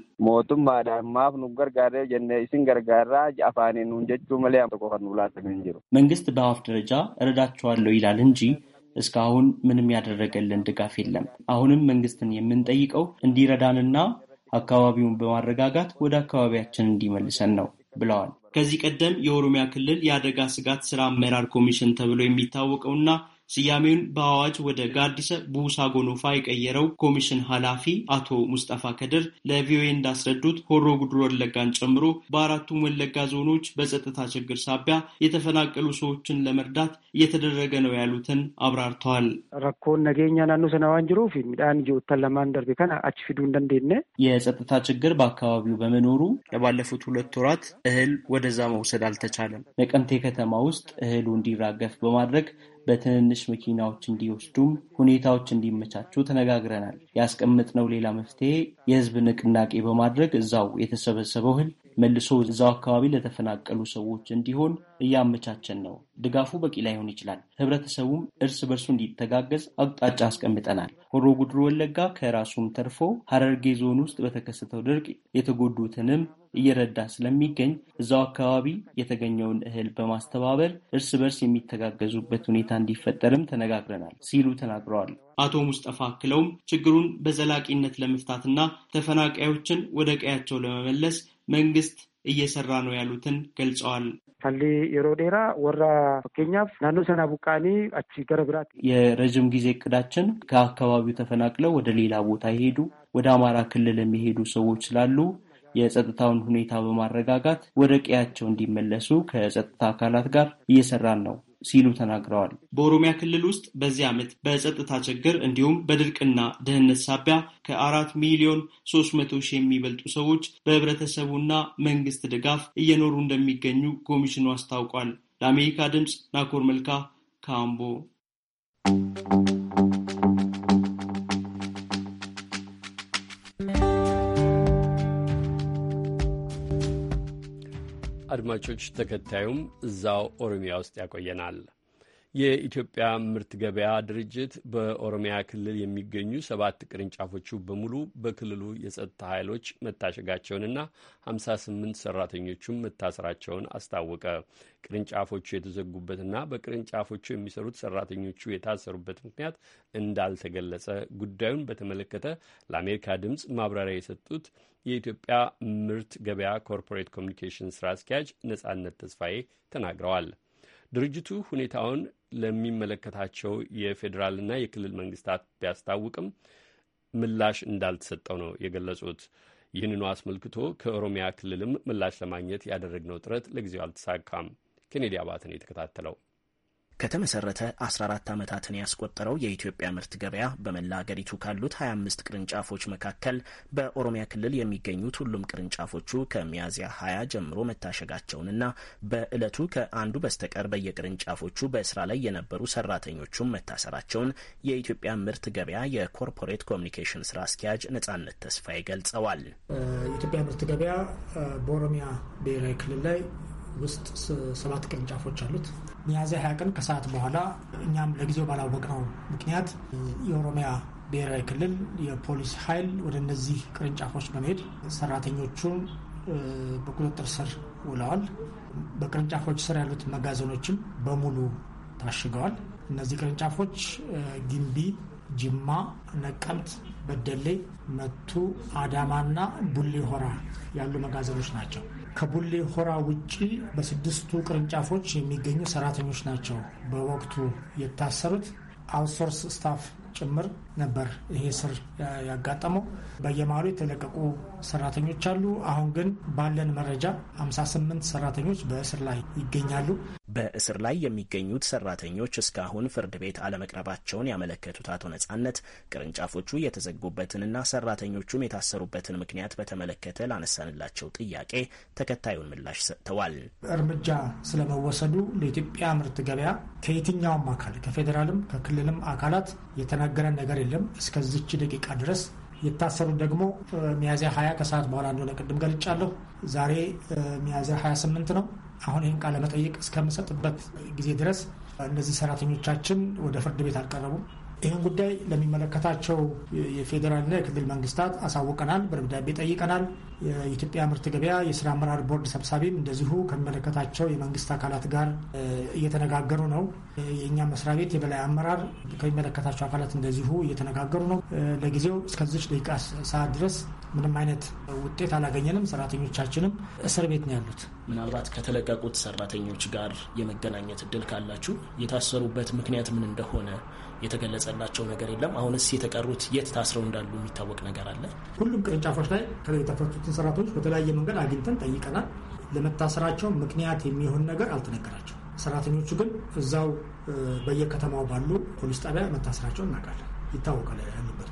መንግስት በአዋፍ ደረጃ እረዳቸዋለሁ ይላል እንጂ እስካሁን ምንም ያደረገልን ድጋፍ የለም። አሁንም መንግስትን የምንጠይቀው እንዲረዳንና አካባቢውን በማረጋጋት ወደ አካባቢያችን እንዲመልሰን ነው ብለዋል። ከዚህ ቀደም የኦሮሚያ ክልል የአደጋ ስጋት ስራ አመራር ኮሚሽን ተብሎ የሚታወቀውና ስያሜውን በአዋጅ ወደ ጋዲሰ ቡሳ ጎኖፋ የቀየረው ኮሚሽን ኃላፊ አቶ ሙስጠፋ ከድር ለቪኦኤ እንዳስረዱት ሆሮ ጉድሮ ወለጋን ጨምሮ በአራቱም ወለጋ ዞኖች በጸጥታ ችግር ሳቢያ የተፈናቀሉ ሰዎችን ለመርዳት እየተደረገ ነው ያሉትን አብራርተዋል። ረኮን ነገኛ ናኑ ሰናዋን ሚዳን ጆተን ለማንደርቤ ከን አችፊዱ እንደንዴነ የጸጥታ ችግር በአካባቢው በመኖሩ ለባለፉት ሁለት ወራት እህል ወደዛ መውሰድ አልተቻለም። ነቀምቴ ከተማ ውስጥ እህሉ እንዲራገፍ በማድረግ በትንንሽ መኪናዎች እንዲወስዱም ሁኔታዎች እንዲመቻቹ ተነጋግረናል። ያስቀመጥነው ሌላ መፍትሄ የህዝብ ንቅናቄ በማድረግ እዛው የተሰበሰበው እህል መልሶ እዛው አካባቢ ለተፈናቀሉ ሰዎች እንዲሆን እያመቻቸን ነው። ድጋፉ በቂ ላይሆን ይችላል። ህብረተሰቡም እርስ በርሱ እንዲተጋገዝ አቅጣጫ አስቀምጠናል። ሆሮ ጉድሮ ወለጋ ከራሱም ተርፎ ሀረርጌ ዞን ውስጥ በተከሰተው ድርቅ የተጎዱትንም እየረዳ ስለሚገኝ እዛው አካባቢ የተገኘውን እህል በማስተባበር እርስ በርስ የሚተጋገዙበት ሁኔታ እንዲፈጠርም ተነጋግረናል ሲሉ ተናግረዋል። አቶ ሙስጠፋ አክለውም ችግሩን በዘላቂነት ለመፍታትና ተፈናቃዮችን ወደ ቀያቸው ለመመለስ መንግስት እየሰራ ነው ያሉትን ገልጸዋል። ሳሌ የሮ ዴራ ወራ ፈኬኛፍ ናኖ ሰና ቡቃኒ አቺ ገረብራት የረዥም ጊዜ እቅዳችን ከአካባቢው ተፈናቅለው ወደ ሌላ ቦታ ይሄዱ ወደ አማራ ክልል የሚሄዱ ሰዎች ስላሉ የጸጥታውን ሁኔታ በማረጋጋት ወደ ቀያቸው እንዲመለሱ ከጸጥታ አካላት ጋር እየሰራን ነው ሲሉ ተናግረዋል። በኦሮሚያ ክልል ውስጥ በዚህ ዓመት በጸጥታ ችግር እንዲሁም በድርቅና ደህንነት ሳቢያ ከአራት ሚሊዮን ሶስት መቶ ሺህ የሚበልጡ ሰዎች በህብረተሰቡና መንግስት ድጋፍ እየኖሩ እንደሚገኙ ኮሚሽኑ አስታውቋል። ለአሜሪካ ድምፅ ናኮር መልካ ካምቦ አድማጮች፣ ተከታዩም እዛው ኦሮሚያ ውስጥ ያቆየናል። የኢትዮጵያ ምርት ገበያ ድርጅት በኦሮሚያ ክልል የሚገኙ ሰባት ቅርንጫፎቹ በሙሉ በክልሉ የጸጥታ ኃይሎች መታሸጋቸውንና 58 ሰራተኞቹም መታሰራቸውን አስታወቀ። ቅርንጫፎቹ የተዘጉበትና በቅርንጫፎቹ የሚሰሩት ሰራተኞቹ የታሰሩበት ምክንያት እንዳልተገለጸ ጉዳዩን በተመለከተ ለአሜሪካ ድምፅ ማብራሪያ የሰጡት የኢትዮጵያ ምርት ገበያ ኮርፖሬት ኮሚኒኬሽን ስራ አስኪያጅ ነጻነት ተስፋዬ ተናግረዋል። ድርጅቱ ሁኔታውን ለሚመለከታቸው የፌዴራልና የክልል መንግስታት ቢያስታውቅም ምላሽ እንዳልተሰጠው ነው የገለጹት። ይህንኑ አስመልክቶ ከኦሮሚያ ክልልም ምላሽ ለማግኘት ያደረግነው ጥረት ለጊዜው አልተሳካም። ኬኔዲ ነው የተከታተለው ከተመሰረተ 14 ዓመታትን ያስቆጠረው የኢትዮጵያ ምርት ገበያ በመላ አገሪቱ ካሉት 25 ቅርንጫፎች መካከል በኦሮሚያ ክልል የሚገኙት ሁሉም ቅርንጫፎቹ ከሚያዝያ 20 ጀምሮ መታሸጋቸውንና በዕለቱ ከአንዱ በስተቀር በየቅርንጫፎቹ በስራ ላይ የነበሩ ሰራተኞቹም መታሰራቸውን የኢትዮጵያ ምርት ገበያ የኮርፖሬት ኮሚኒኬሽን ስራ አስኪያጅ ነጻነት ተስፋዬ ገልጸዋል። የኢትዮጵያ ምርት ገበያ በኦሮሚያ ብሔራዊ ክልል ላይ ውስጥ ሰባት ቅርንጫፎች አሉት። ሚያዝያ ሀያ ቀን ከሰዓት በኋላ እኛም ለጊዜው ባላወቅነው ምክንያት የኦሮሚያ ብሔራዊ ክልል የፖሊስ ኃይል ወደ እነዚህ ቅርንጫፎች በመሄድ ሰራተኞቹን በቁጥጥር ስር ውለዋል። በቅርንጫፎች ስር ያሉት መጋዘኖችም በሙሉ ታሽገዋል። እነዚህ ቅርንጫፎች ግንቢ፣ ጅማ፣ ነቀምት፣ በደሌ፣ መቱ፣ አዳማና ቡሌ ሆራ ያሉ መጋዘኖች ናቸው። ከቡሌ ሆራ ውጪ በስድስቱ ቅርንጫፎች የሚገኙ ሰራተኞች ናቸው በወቅቱ የታሰሩት። አውትሶርስ ስታፍ ጭምር ነበር ይሄ ስር ያጋጠመው። በየመሃሉ የተለቀቁ ሰራተኞች አሉ። አሁን ግን ባለን መረጃ 58 ሰራተኞች በእስር ላይ ይገኛሉ። በእስር ላይ የሚገኙት ሰራተኞች እስካሁን ፍርድ ቤት አለመቅረባቸውን ያመለከቱት አቶ ነጻነት ቅርንጫፎቹ የተዘጉበትንና ሰራተኞቹም የታሰሩበትን ምክንያት በተመለከተ ላነሳንላቸው ጥያቄ ተከታዩን ምላሽ ሰጥተዋል። እርምጃ ስለመወሰዱ ለኢትዮጵያ ምርት ገበያ ከየትኛውም አካል ከፌዴራልም ከክልልም አካላት የተ የተናገረን ነገር የለም እስከዚች ደቂቃ ድረስ። የታሰሩት ደግሞ ሚያዝያ 20 ከሰዓት በኋላ እንደሆነ ቅድም ገልጫለሁ። ዛሬ ሚያዝያ 28 ነው። አሁን ይህን ቃለ መጠይቅ እስከምሰጥበት ጊዜ ድረስ እነዚህ ሰራተኞቻችን ወደ ፍርድ ቤት አልቀረቡም። ይህን ጉዳይ ለሚመለከታቸው የፌዴራልና የክልል መንግስታት አሳውቀናል፣ በደብዳቤ ጠይቀናል። የኢትዮጵያ ምርት ገበያ የስራ አመራር ቦርድ ሰብሳቢም እንደዚሁ ከሚመለከታቸው የመንግስት አካላት ጋር እየተነጋገሩ ነው። የእኛ መስሪያ ቤት የበላይ አመራር ከሚመለከታቸው አካላት እንደዚሁ እየተነጋገሩ ነው። ለጊዜው እስከዚች ደቂቃ ሰዓት ድረስ ምንም አይነት ውጤት አላገኘንም። ሰራተኞቻችንም እስር ቤት ነው ያሉት። ምናልባት ከተለቀቁት ሰራተኞች ጋር የመገናኘት እድል ካላችሁ የታሰሩበት ምክንያት ምን እንደሆነ የተገለጸላቸው ነገር የለም። አሁንስ የተቀሩት የት ታስረው እንዳሉ የሚታወቅ ነገር አለ? ሁሉም ቅርንጫፎች ላይ የተፈቱትን ሰራተኞች በተለያየ መንገድ አግኝተን ጠይቀናል። ለመታሰራቸው ምክንያት የሚሆን ነገር አልተነገራቸው። ሰራተኞቹ ግን እዛው በየከተማው ባሉ ፖሊስ ጣቢያ መታሰራቸው እናውቃለን። ይታወቃል ያሉበት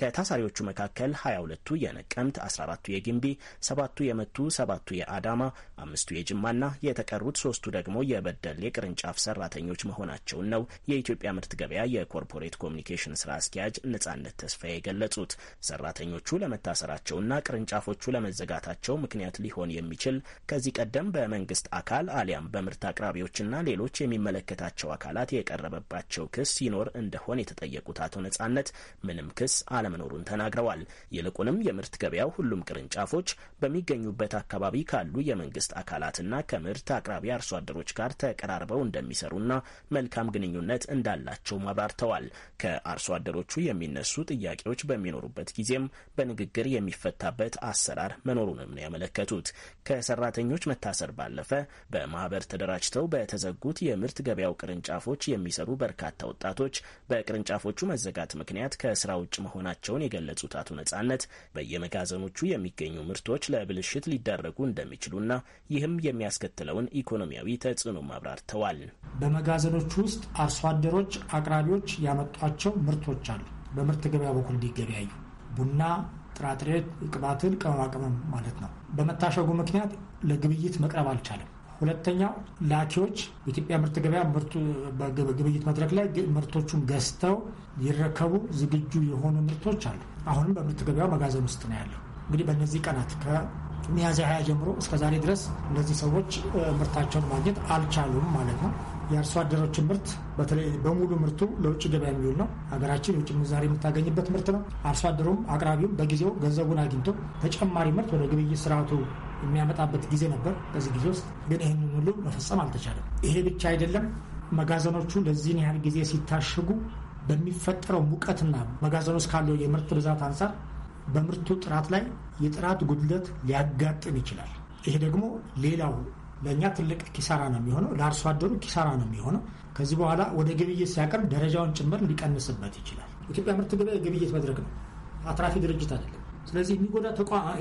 ከታሳሪዎቹ መካከል 22ቱ የነቀምት፣ 14ቱ የግንቢ፣ ሰባቱ የመቱ፣ ሰባቱ የአዳማ፣ አምስቱ የጅማና የተቀሩት ሶስቱ ደግሞ የበደሌ ቅርንጫፍ ሰራተኞች መሆናቸውን ነው የኢትዮጵያ ምርት ገበያ የኮርፖሬት ኮሚኒኬሽን ስራ አስኪያጅ ነጻነት ተስፋዬ የገለጹት። ሰራተኞቹ ለመታሰራቸውና ቅርንጫፎቹ ለመዘጋታቸው ምክንያት ሊሆን የሚችል ከዚህ ቀደም በመንግስት አካል አሊያም በምርት አቅራቢዎችና ሌሎች የሚመለከታቸው አካላት የቀረበባቸው ክስ ይኖር እንደሆን የተጠየቁት አቶ ነጻነት ምንም ክስ አ አለመኖሩን ተናግረዋል። ይልቁንም የምርት ገበያው ሁሉም ቅርንጫፎች በሚገኙበት አካባቢ ካሉ የመንግስት አካላትና ከምርት አቅራቢ አርሶ አደሮች ጋር ተቀራርበው እንደሚሰሩና መልካም ግንኙነት እንዳላቸውም አብራርተዋል። ከአርሶ አደሮቹ የሚነሱ ጥያቄዎች በሚኖሩበት ጊዜም በንግግር የሚፈታበት አሰራር መኖሩንም ነው ያመለከቱት። ከሰራተኞች መታሰር ባለፈ በማህበር ተደራጅተው በተዘጉት የምርት ገበያው ቅርንጫፎች የሚሰሩ በርካታ ወጣቶች በቅርንጫፎቹ መዘጋት ምክንያት ከስራ ውጭ መሆናቸው መሆናቸውን የገለጹት አቶ ነጻነት በየመጋዘኖቹ የሚገኙ ምርቶች ለብልሽት ሊዳረጉ እንደሚችሉና ይህም የሚያስከትለውን ኢኮኖሚያዊ ተጽዕኖ አብራርተዋል። በመጋዘኖቹ ውስጥ አርሶ አደሮች፣ አቅራቢዎች ያመጧቸው ምርቶች አሉ። በምርት ገበያ በኩል እንዲገበያዩ ቡና፣ ጥራጥሬ፣ ቅባትን፣ ቅመማ ቅመም ማለት ነው። በመታሸጉ ምክንያት ለግብይት መቅረብ አልቻለም። ሁለተኛው ላኪዎች በኢትዮጵያ ምርት ገበያ በግብይት መድረክ ላይ ምርቶቹን ገዝተው ሊረከቡ ዝግጁ የሆኑ ምርቶች አሉ። አሁንም በምርት ገበያው መጋዘን ውስጥ ነው ያለው። እንግዲህ በእነዚህ ቀናት ከሚያዝያ ሀያ ጀምሮ እስከ ዛሬ ድረስ እነዚህ ሰዎች ምርታቸውን ማግኘት አልቻሉም ማለት ነው። የአርሶ አደሮችን ምርት በተለይ በሙሉ ምርቱ ለውጭ ገበያ የሚውል ነው። ሀገራችን የውጭ ምንዛሬ የምታገኝበት ምርት ነው። አርሶ አደሩም አቅራቢውም በጊዜው ገንዘቡን አግኝቶ ተጨማሪ ምርት ወደ ግብይት ስርዓቱ የሚያመጣበት ጊዜ ነበር። በዚህ ጊዜ ውስጥ ግን ይህን ሁሉ መፈጸም አልተቻለም። ይሄ ብቻ አይደለም። መጋዘኖቹ ለዚህን ያህል ጊዜ ሲታሸጉ በሚፈጠረው ሙቀትና መጋዘን ውስጥ ካለው የምርት ብዛት አንጻር በምርቱ ጥራት ላይ የጥራት ጉድለት ሊያጋጥም ይችላል። ይሄ ደግሞ ሌላው ለእኛ ትልቅ ኪሳራ ነው የሚሆነው፣ ለአርሶ አደሩ ኪሳራ ነው የሚሆነው። ከዚህ በኋላ ወደ ግብይት ሲያቀርብ ደረጃውን ጭምር ሊቀንስበት ይችላል። ኢትዮጵያ ምርት ገበያ የግብይት መድረክ ነው፣ አትራፊ ድርጅት አይደለም። ስለዚህ የሚጎዳ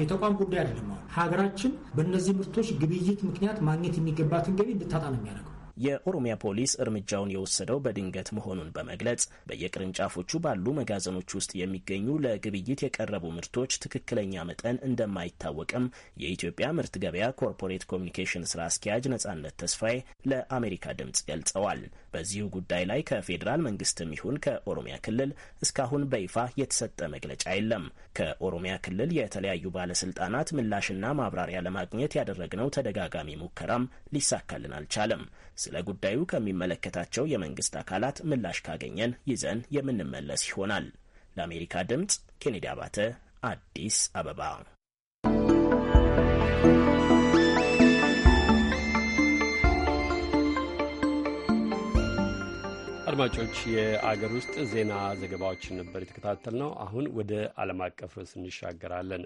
የተቋም ጉዳይ አይደለም። አሁን ሀገራችን በእነዚህ ምርቶች ግብይት ምክንያት ማግኘት የሚገባትን ገቢ እንድታጣ ነው የሚያደርገው። የኦሮሚያ ፖሊስ እርምጃውን የወሰደው በድንገት መሆኑን በመግለጽ በየቅርንጫፎቹ ባሉ መጋዘኖች ውስጥ የሚገኙ ለግብይት የቀረቡ ምርቶች ትክክለኛ መጠን እንደማይታወቅም የኢትዮጵያ ምርት ገበያ ኮርፖሬት ኮሚኒኬሽን ስራ አስኪያጅ ነጻነት ተስፋዬ ለአሜሪካ ድምጽ ገልጸዋል። በዚሁ ጉዳይ ላይ ከፌዴራል መንግስትም ይሁን ከኦሮሚያ ክልል እስካሁን በይፋ የተሰጠ መግለጫ የለም። ከኦሮሚያ ክልል የተለያዩ ባለስልጣናት ምላሽና ማብራሪያ ለማግኘት ያደረግነው ተደጋጋሚ ሙከራም ሊሳካልን አልቻለም። ስለ ጉዳዩ ከሚመለከታቸው የመንግስት አካላት ምላሽ ካገኘን ይዘን የምንመለስ ይሆናል። ለአሜሪካ ድምፅ ኬኔዲ አባተ አዲስ አበባ አድማጮች የአገር ውስጥ ዜና ዘገባዎችን ነበር የተከታተል ነው። አሁን ወደ ዓለም አቀፍ ርዕስ እንሻገራለን።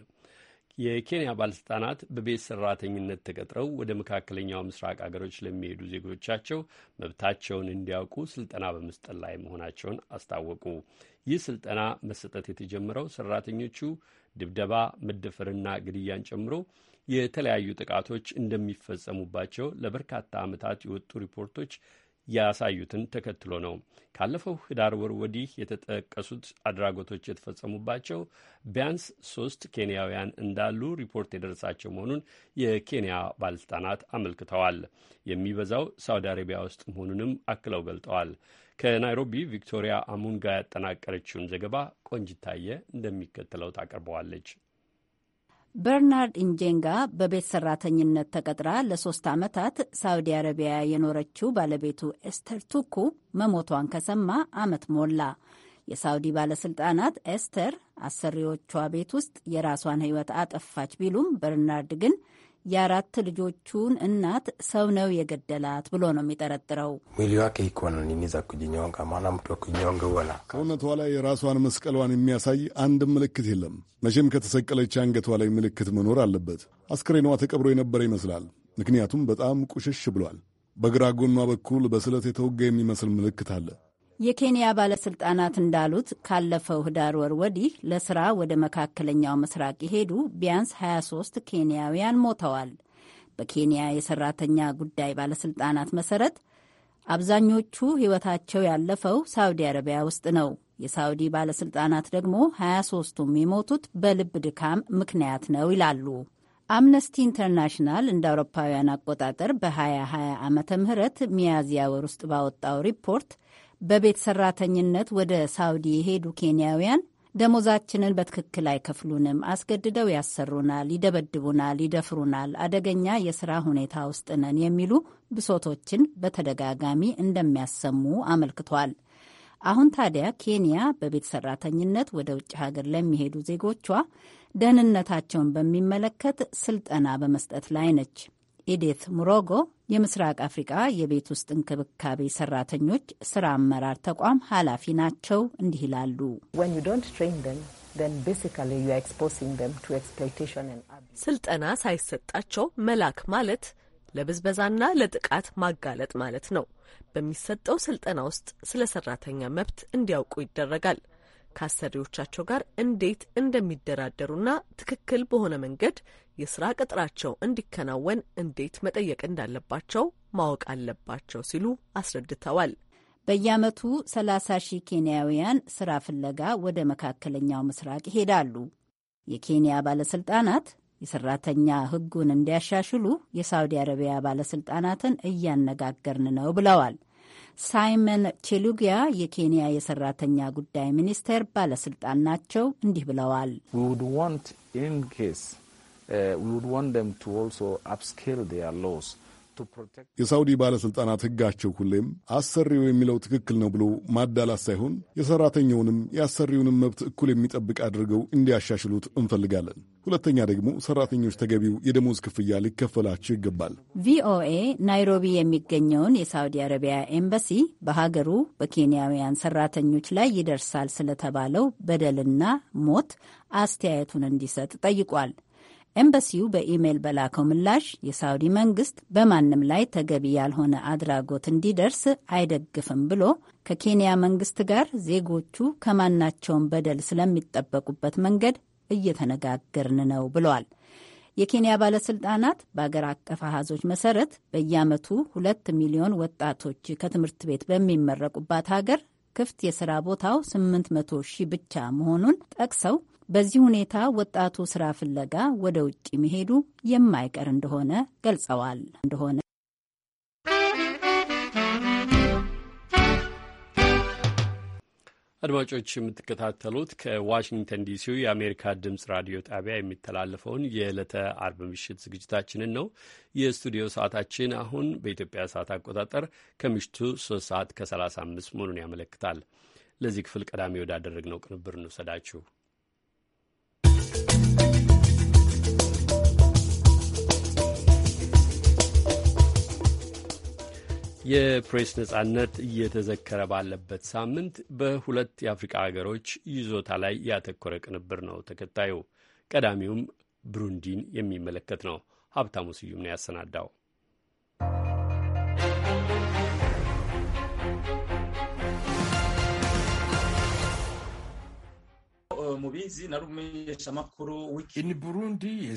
የኬንያ ባለስልጣናት በቤት ሰራተኝነት ተቀጥረው ወደ መካከለኛው ምስራቅ አገሮች ለሚሄዱ ዜጎቻቸው መብታቸውን እንዲያውቁ ስልጠና በመስጠት ላይ መሆናቸውን አስታወቁ። ይህ ስልጠና መሰጠት የተጀመረው ሰራተኞቹ ድብደባ፣ መደፈርና ግድያን ጨምሮ የተለያዩ ጥቃቶች እንደሚፈጸሙባቸው ለበርካታ ዓመታት የወጡ ሪፖርቶች ያሳዩትን ተከትሎ ነው ካለፈው ህዳር ወር ወዲህ የተጠቀሱት አድራጎቶች የተፈጸሙባቸው ቢያንስ ሶስት ኬንያውያን እንዳሉ ሪፖርት የደረሳቸው መሆኑን የኬንያ ባለስልጣናት አመልክተዋል። የሚበዛው ሳውዲ አረቢያ ውስጥ መሆኑንም አክለው ገልጠዋል። ከናይሮቢ ቪክቶሪያ አሙንጋ ያጠናቀረችውን ዘገባ ቆንጅታየ እንደሚከተለው ታቀርበዋለች። በርናርድ ኢንጄንጋ በቤት ሰራተኝነት ተቀጥራ ለሶስት ዓመታት ሳውዲ አረቢያ የኖረችው ባለቤቱ ኤስተር ቱኩ መሞቷን ከሰማ ዓመት ሞላ። የሳውዲ ባለስልጣናት ኤስተር አሰሪዎቿ ቤት ውስጥ የራሷን ሕይወት አጠፋች ቢሉም በርናርድ ግን የአራት ልጆቹን እናት ሰው ነው የገደላት ብሎ ነው የሚጠረጥረው። ከእውነቷ ላይ የራሷን መስቀሏን የሚያሳይ አንድም ምልክት የለም። መቼም ከተሰቀለች አንገቷ ላይ ምልክት መኖር አለበት። አስክሬኗ ተቀብሮ የነበረ ይመስላል፣ ምክንያቱም በጣም ቁሽሽ ብሏል። በግራ ጎኗ በኩል በስለት የተወጋ የሚመስል ምልክት አለ። የኬንያ ባለስልጣናት እንዳሉት ካለፈው ህዳር ወር ወዲህ ለስራ ወደ መካከለኛው ምስራቅ የሄዱ ቢያንስ 23 ኬንያውያን ሞተዋል። በኬንያ የሰራተኛ ጉዳይ ባለስልጣናት መሰረት አብዛኞቹ ህይወታቸው ያለፈው ሳውዲ አረቢያ ውስጥ ነው። የሳውዲ ባለስልጣናት ደግሞ 23ቱም የሞቱት በልብ ድካም ምክንያት ነው ይላሉ። አምነስቲ ኢንተርናሽናል እንደ አውሮፓውያን አቆጣጠር በ2020 ዓመተ ምህረት ሚያዝያ ወር ውስጥ ባወጣው ሪፖርት በቤት ሰራተኝነት ወደ ሳውዲ የሄዱ ኬንያውያን ደሞዛችንን በትክክል አይከፍሉንም፣ አስገድደው ያሰሩናል፣ ይደበድቡናል፣ ይደፍሩናል፣ አደገኛ የስራ ሁኔታ ውስጥ ነን የሚሉ ብሶቶችን በተደጋጋሚ እንደሚያሰሙ አመልክቷል። አሁን ታዲያ ኬንያ በቤት ሰራተኝነት ወደ ውጭ ሀገር ለሚሄዱ ዜጎቿ ደህንነታቸውን በሚመለከት ስልጠና በመስጠት ላይ ነች። ኤዴት ሙሮጎ የምስራቅ አፍሪቃ የቤት ውስጥ እንክብካቤ ሰራተኞች ስራ አመራር ተቋም ኃላፊ ናቸው። እንዲህ ይላሉ። ስልጠና ሳይሰጣቸው መላክ ማለት ለብዝበዛና ለጥቃት ማጋለጥ ማለት ነው። በሚሰጠው ስልጠና ውስጥ ስለ ሰራተኛ መብት እንዲያውቁ ይደረጋል። ከአሰሪዎቻቸው ጋር እንዴት እንደሚደራደሩና ትክክል በሆነ መንገድ የስራ ቅጥራቸው እንዲከናወን እንዴት መጠየቅ እንዳለባቸው ማወቅ አለባቸው ሲሉ አስረድተዋል። በየዓመቱ 30 ሺህ ኬንያውያን ስራ ፍለጋ ወደ መካከለኛው ምስራቅ ይሄዳሉ። የኬንያ ባለስልጣናት የሰራተኛ ሕጉን እንዲያሻሽሉ የሳውዲ አረቢያ ባለስልጣናትን እያነጋገርን ነው ብለዋል። ሳይመን ቼሉጊያ የኬንያ የሰራተኛ ጉዳይ ሚኒስቴር ባለስልጣን ናቸው። እንዲህ ብለዋል። Uh, የሳውዲ ባለሥልጣናት ሕጋቸው ሁሌም አሰሪው የሚለው ትክክል ነው ብሎ ማዳላት ሳይሆን የሠራተኛውንም የአሰሪውንም መብት እኩል የሚጠብቅ አድርገው እንዲያሻሽሉት እንፈልጋለን። ሁለተኛ ደግሞ ሠራተኞች ተገቢው የደሞዝ ክፍያ ሊከፈላቸው ይገባል። ቪኦኤ ናይሮቢ የሚገኘውን የሳውዲ አረቢያ ኤምባሲ በሀገሩ በኬንያውያን ሠራተኞች ላይ ይደርሳል ስለተባለው በደልና ሞት አስተያየቱን እንዲሰጥ ጠይቋል። ኤምባሲው በኢሜይል በላከው ምላሽ የሳውዲ መንግስት በማንም ላይ ተገቢ ያልሆነ አድራጎት እንዲደርስ አይደግፍም ብሎ ከኬንያ መንግስት ጋር ዜጎቹ ከማናቸውም በደል ስለሚጠበቁበት መንገድ እየተነጋገርን ነው ብሏል። የኬንያ ባለስልጣናት በአገር አቀፍ አሃዞች መሰረት በየአመቱ ሁለት ሚሊዮን ወጣቶች ከትምህርት ቤት በሚመረቁባት ሀገር ክፍት የስራ ቦታው 800 ሺህ ብቻ መሆኑን ጠቅሰው በዚህ ሁኔታ ወጣቱ ስራ ፍለጋ ወደ ውጭ መሄዱ የማይቀር እንደሆነ ገልጸዋል። እንደሆነ አድማጮች የምትከታተሉት ከዋሽንግተን ዲሲ የአሜሪካ ድምፅ ራዲዮ ጣቢያ የሚተላለፈውን የዕለተ አርብ ምሽት ዝግጅታችንን ነው። የስቱዲዮ ሰዓታችን አሁን በኢትዮጵያ ሰዓት አቆጣጠር ከምሽቱ 3 ሰዓት ከ35 መሆኑን ያመለክታል። ለዚህ ክፍል ቀዳሚ ወዳደረግነው ቅንብር እንውሰዳችሁ። የፕሬስ ነጻነት እየተዘከረ ባለበት ሳምንት በሁለት የአፍሪቃ ሀገሮች ይዞታ ላይ ያተኮረ ቅንብር ነው ተከታዩ። ቀዳሚውም ብሩንዲን የሚመለከት ነው። ሀብታሙ ስዩም ነው ያሰናዳው።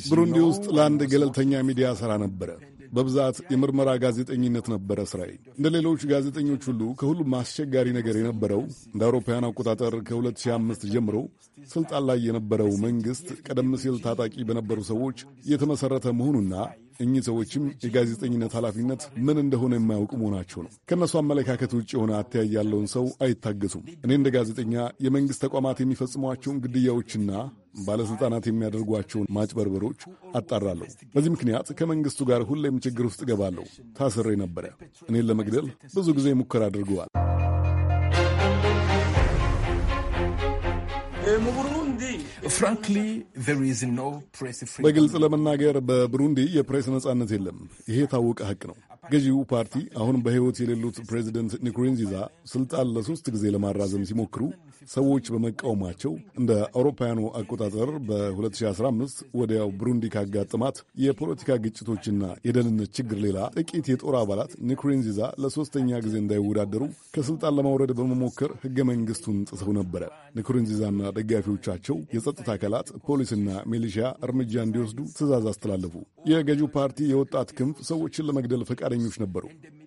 ብሩንዲ ውስጥ ለአንድ ገለልተኛ ሚዲያ ሥራ ነበረ። በብዛት የምርመራ ጋዜጠኝነት ነበረ ስራዬ። እንደ ሌሎች ጋዜጠኞች ሁሉ ከሁሉም አስቸጋሪ ነገር የነበረው እንደ አውሮፓውያን አቆጣጠር ከ2005 ጀምሮ ስልጣን ላይ የነበረው መንግሥት ቀደም ሲል ታጣቂ በነበሩ ሰዎች የተመሠረተ መሆኑና እኚህ ሰዎችም የጋዜጠኝነት ኃላፊነት ምን እንደሆነ የማያውቅ መሆናቸው ነው። ከእነሱ አመለካከት ውጭ የሆነ አተያይ ያለውን ሰው አይታገሱም። እኔ እንደ ጋዜጠኛ የመንግሥት ተቋማት የሚፈጽሟቸውን ግድያዎችና ባለሥልጣናት የሚያደርጓቸውን ማጭበርበሮች አጣራለሁ። በዚህ ምክንያት ከመንግሥቱ ጋር ሁሌም ችግር ውስጥ እገባለሁ። ታስሬ ነበረ። እኔን ለመግደል ብዙ ጊዜ ሙከራ አድርገዋል። በግልጽ ለመናገር በብሩንዲ የፕሬስ ነጻነት የለም። ይሄ የታወቀ ሐቅ ነው። ገዢው ፓርቲ አሁን በሕይወት የሌሉት ፕሬዚደንት ኒኩሪንዚዛ ስልጣን ለሦስት ጊዜ ለማራዘም ሲሞክሩ ሰዎች በመቃወማቸው እንደ አውሮፓውያኑ አቆጣጠር በ2015 ወዲያው ብሩንዲ ካጋጥማት የፖለቲካ ግጭቶችና የደህንነት ችግር ሌላ ጥቂት የጦር አባላት ንኩሩንዚዛ ለሶስተኛ ጊዜ እንዳይወዳደሩ ከስልጣን ለማውረድ በመሞከር ህገ መንግስቱን ጥሰው ነበረ። ንኩሩንዚዛና ደጋፊዎቻቸው የጸጥታ አካላት ፖሊስና ሚሊሺያ እርምጃ እንዲወስዱ ትእዛዝ አስተላለፉ። የገዢው ፓርቲ የወጣት ክንፍ ሰዎችን ለመግደል ፈቃደኞች ነበሩ።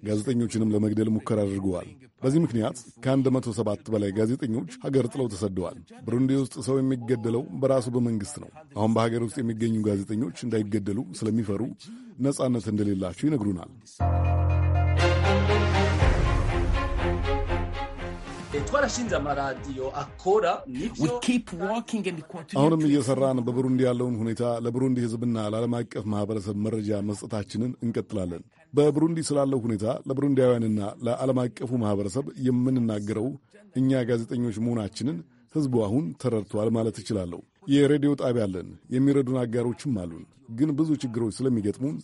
ጋዜጠኞችንም ለመግደል ሙከራ አድርገዋል። በዚህ ምክንያት ከ107 በላይ ጋዜጠኞች ሀገር ጥለው ተሰደዋል። ብሩንዲ ውስጥ ሰው የሚገደለው በራሱ በመንግስት ነው። አሁን በሀገር ውስጥ የሚገኙ ጋዜጠኞች እንዳይገደሉ ስለሚፈሩ ነጻነት እንደሌላቸው ይነግሩናል። አሁንም እየሰራን በብሩንዲ ያለውን ሁኔታ ለብሩንዲ ሕዝብና ለዓለም አቀፍ ማህበረሰብ መረጃ መስጠታችንን እንቀጥላለን። በብሩንዲ ስላለው ሁኔታ ለብሩንዲያውያንና ለዓለም አቀፉ ማህበረሰብ የምንናገረው እኛ ጋዜጠኞች መሆናችንን ሕዝቡ አሁን ተረድቷል ማለት እችላለሁ። የሬዲዮ ጣቢያ አለን፣ የሚረዱን አጋሮችም አሉን። ግን ብዙ ችግሮች ስለሚገጥሙን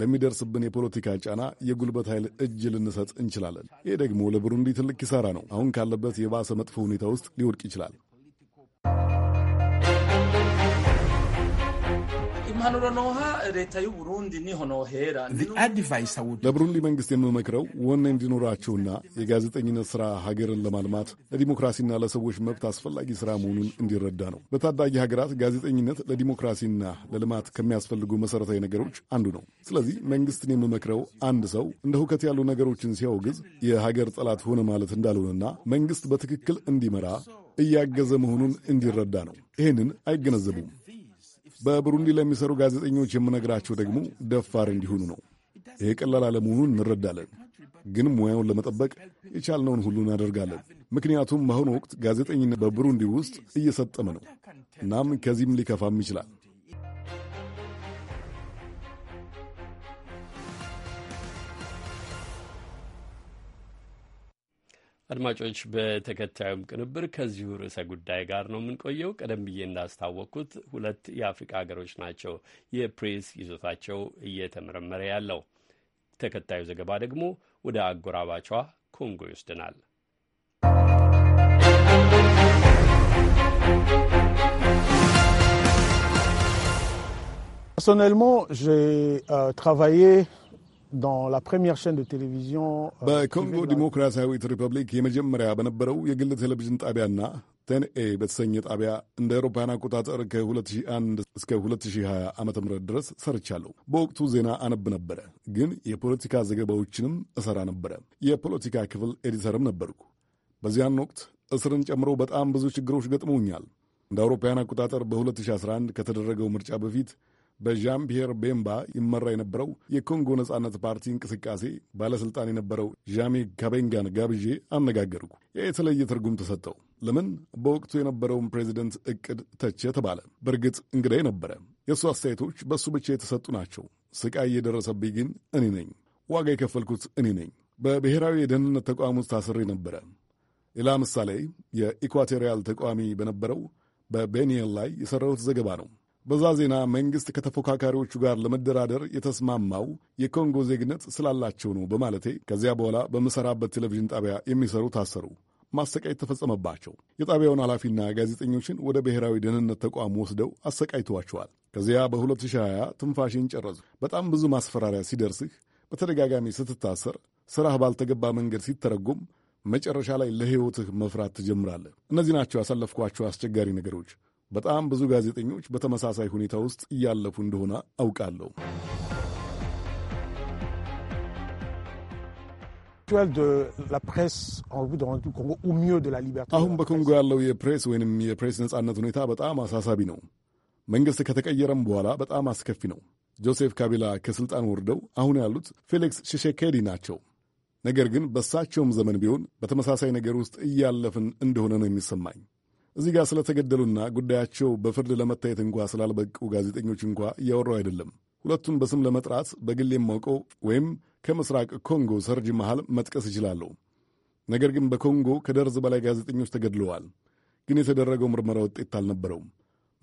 ለሚደርስብን የፖለቲካ ጫና የጉልበት ኃይል እጅ ልንሰጥ እንችላለን። ይህ ደግሞ ለብሩንዲ ትልቅ ኪሳራ ነው። አሁን ካለበት የባሰ መጥፎ ሁኔታ ውስጥ ሊወድቅ ይችላል። ለብሩንዲ መንግስት የምመክረው ወኔ እንዲኖራቸውና የጋዜጠኝነት ስራ ሀገርን ለማልማት ለዲሞክራሲና ለሰዎች መብት አስፈላጊ ስራ መሆኑን እንዲረዳ ነው። በታዳጊ ሀገራት ጋዜጠኝነት ለዲሞክራሲና ለልማት ከሚያስፈልጉ መሠረታዊ ነገሮች አንዱ ነው። ስለዚህ መንግስትን የምመክረው አንድ ሰው እንደ ሁከት ያሉ ነገሮችን ሲያወግዝ የሀገር ጠላት ሆነ ማለት እንዳልሆነና መንግስት በትክክል እንዲመራ እያገዘ መሆኑን እንዲረዳ ነው። ይህንን አይገነዘቡም። በብሩንዲ ለሚሰሩ ጋዜጠኞች የምነግራቸው ደግሞ ደፋር እንዲሆኑ ነው። ይሄ ቀላል አለመሆኑን እንረዳለን፣ ግን ሙያውን ለመጠበቅ የቻልነውን ሁሉ እናደርጋለን። ምክንያቱም በአሁኑ ወቅት ጋዜጠኝነት በብሩንዲ ውስጥ እየሰጠመ ነው። እናም ከዚህም ሊከፋም ይችላል። አድማጮች በተከታዩም ቅንብር ከዚሁ ርዕሰ ጉዳይ ጋር ነው የምንቆየው። ቀደም ብዬ እንዳስታወቅኩት ሁለት የአፍሪካ ሀገሮች ናቸው የፕሬስ ይዞታቸው እየተመረመረ ያለው። ተከታዩ ዘገባ ደግሞ ወደ አጎራባቿ ኮንጎ ይወስደናል። ፐርሶኔልሞ ትራቫዬ Euh, በኮንጎ ዲሞክራሲያዊት ሪፐብሊክ የመጀመሪያ በነበረው የግል ቴሌቪዥን ጣቢያና ቴንኤ በተሰኘ ጣቢያ እንደ አውሮፓውያን አቆጣጠር ከ2001 እስከ 2020 ዓ ም ድረስ ሰርቻለሁ። በወቅቱ ዜና አነብ ነበረ፣ ግን የፖለቲካ ዘገባዎችንም እሰራ ነበረ። የፖለቲካ ክፍል ኤዲተርም ነበርኩ። በዚያን ወቅት እስርን ጨምሮ በጣም ብዙ ችግሮች ገጥመውኛል። እንደ አውሮፓውያን አቆጣጠር በ2011 ከተደረገው ምርጫ በፊት በዣን ፒየር ቤምባ ይመራ የነበረው የኮንጎ ነጻነት ፓርቲ እንቅስቃሴ ባለስልጣን የነበረው ዣሜ ካቤንጋን ጋብዤ አነጋገርኩ። የተለየ ትርጉም ተሰጠው። ለምን በወቅቱ የነበረውን ፕሬዚደንት እቅድ ተቸ ተባለ። በእርግጥ እንግዳይ ነበረ። የእሱ አስተያየቶች በእሱ ብቻ የተሰጡ ናቸው። ስቃይ እየደረሰብኝ ግን እኔ ነኝ። ዋጋ የከፈልኩት እኔ ነኝ። በብሔራዊ የደህንነት ተቋም ውስጥ ታስሬ ነበረ። ሌላ ምሳሌ የኢኳቶሪያል ተቃዋሚ በነበረው በቤኒየል ላይ የሠራሁት ዘገባ ነው። በዛ ዜና መንግሥት ከተፎካካሪዎቹ ጋር ለመደራደር የተስማማው የኮንጎ ዜግነት ስላላቸው ነው በማለቴ ከዚያ በኋላ በምሠራበት ቴሌቪዥን ጣቢያ የሚሰሩ ታሰሩ። ማሰቃየት ተፈጸመባቸው። የጣቢያውን ኃላፊና ጋዜጠኞችን ወደ ብሔራዊ ደህንነት ተቋም ወስደው አሰቃይተዋቸዋል። ከዚያ በ2020 ትንፋሽን ጨረሱ። በጣም ብዙ ማስፈራሪያ ሲደርስህ፣ በተደጋጋሚ ስትታሰር፣ ስራህ ባልተገባ መንገድ ሲተረጎም መጨረሻ ላይ ለሕይወትህ መፍራት ትጀምራለህ። እነዚህ ናቸው ያሳለፍኳቸው አስቸጋሪ ነገሮች። በጣም ብዙ ጋዜጠኞች በተመሳሳይ ሁኔታ ውስጥ እያለፉ እንደሆነ አውቃለሁ። አሁን በኮንጎ ያለው የፕሬስ ወይንም የፕሬስ ነጻነት ሁኔታ በጣም አሳሳቢ ነው። መንግሥት ከተቀየረም በኋላ በጣም አስከፊ ነው። ጆሴፍ ካቢላ ከሥልጣን ወርደው አሁን ያሉት ፌሊክስ ሽሸኬዲ ናቸው። ነገር ግን በእሳቸውም ዘመን ቢሆን በተመሳሳይ ነገር ውስጥ እያለፍን እንደሆነ ነው የሚሰማኝ። እዚህ ጋር ስለተገደሉና ጉዳያቸው በፍርድ ለመታየት እንኳ ስላልበቁ ጋዜጠኞች እንኳ እያወራው አይደለም። ሁለቱን በስም ለመጥራት በግል የማውቀው ወይም ከምስራቅ ኮንጎ ሰርጅ መሃል መጥቀስ ይችላለሁ። ነገር ግን በኮንጎ ከደርዝ በላይ ጋዜጠኞች ተገድለዋል። ግን የተደረገው ምርመራ ውጤት አልነበረውም።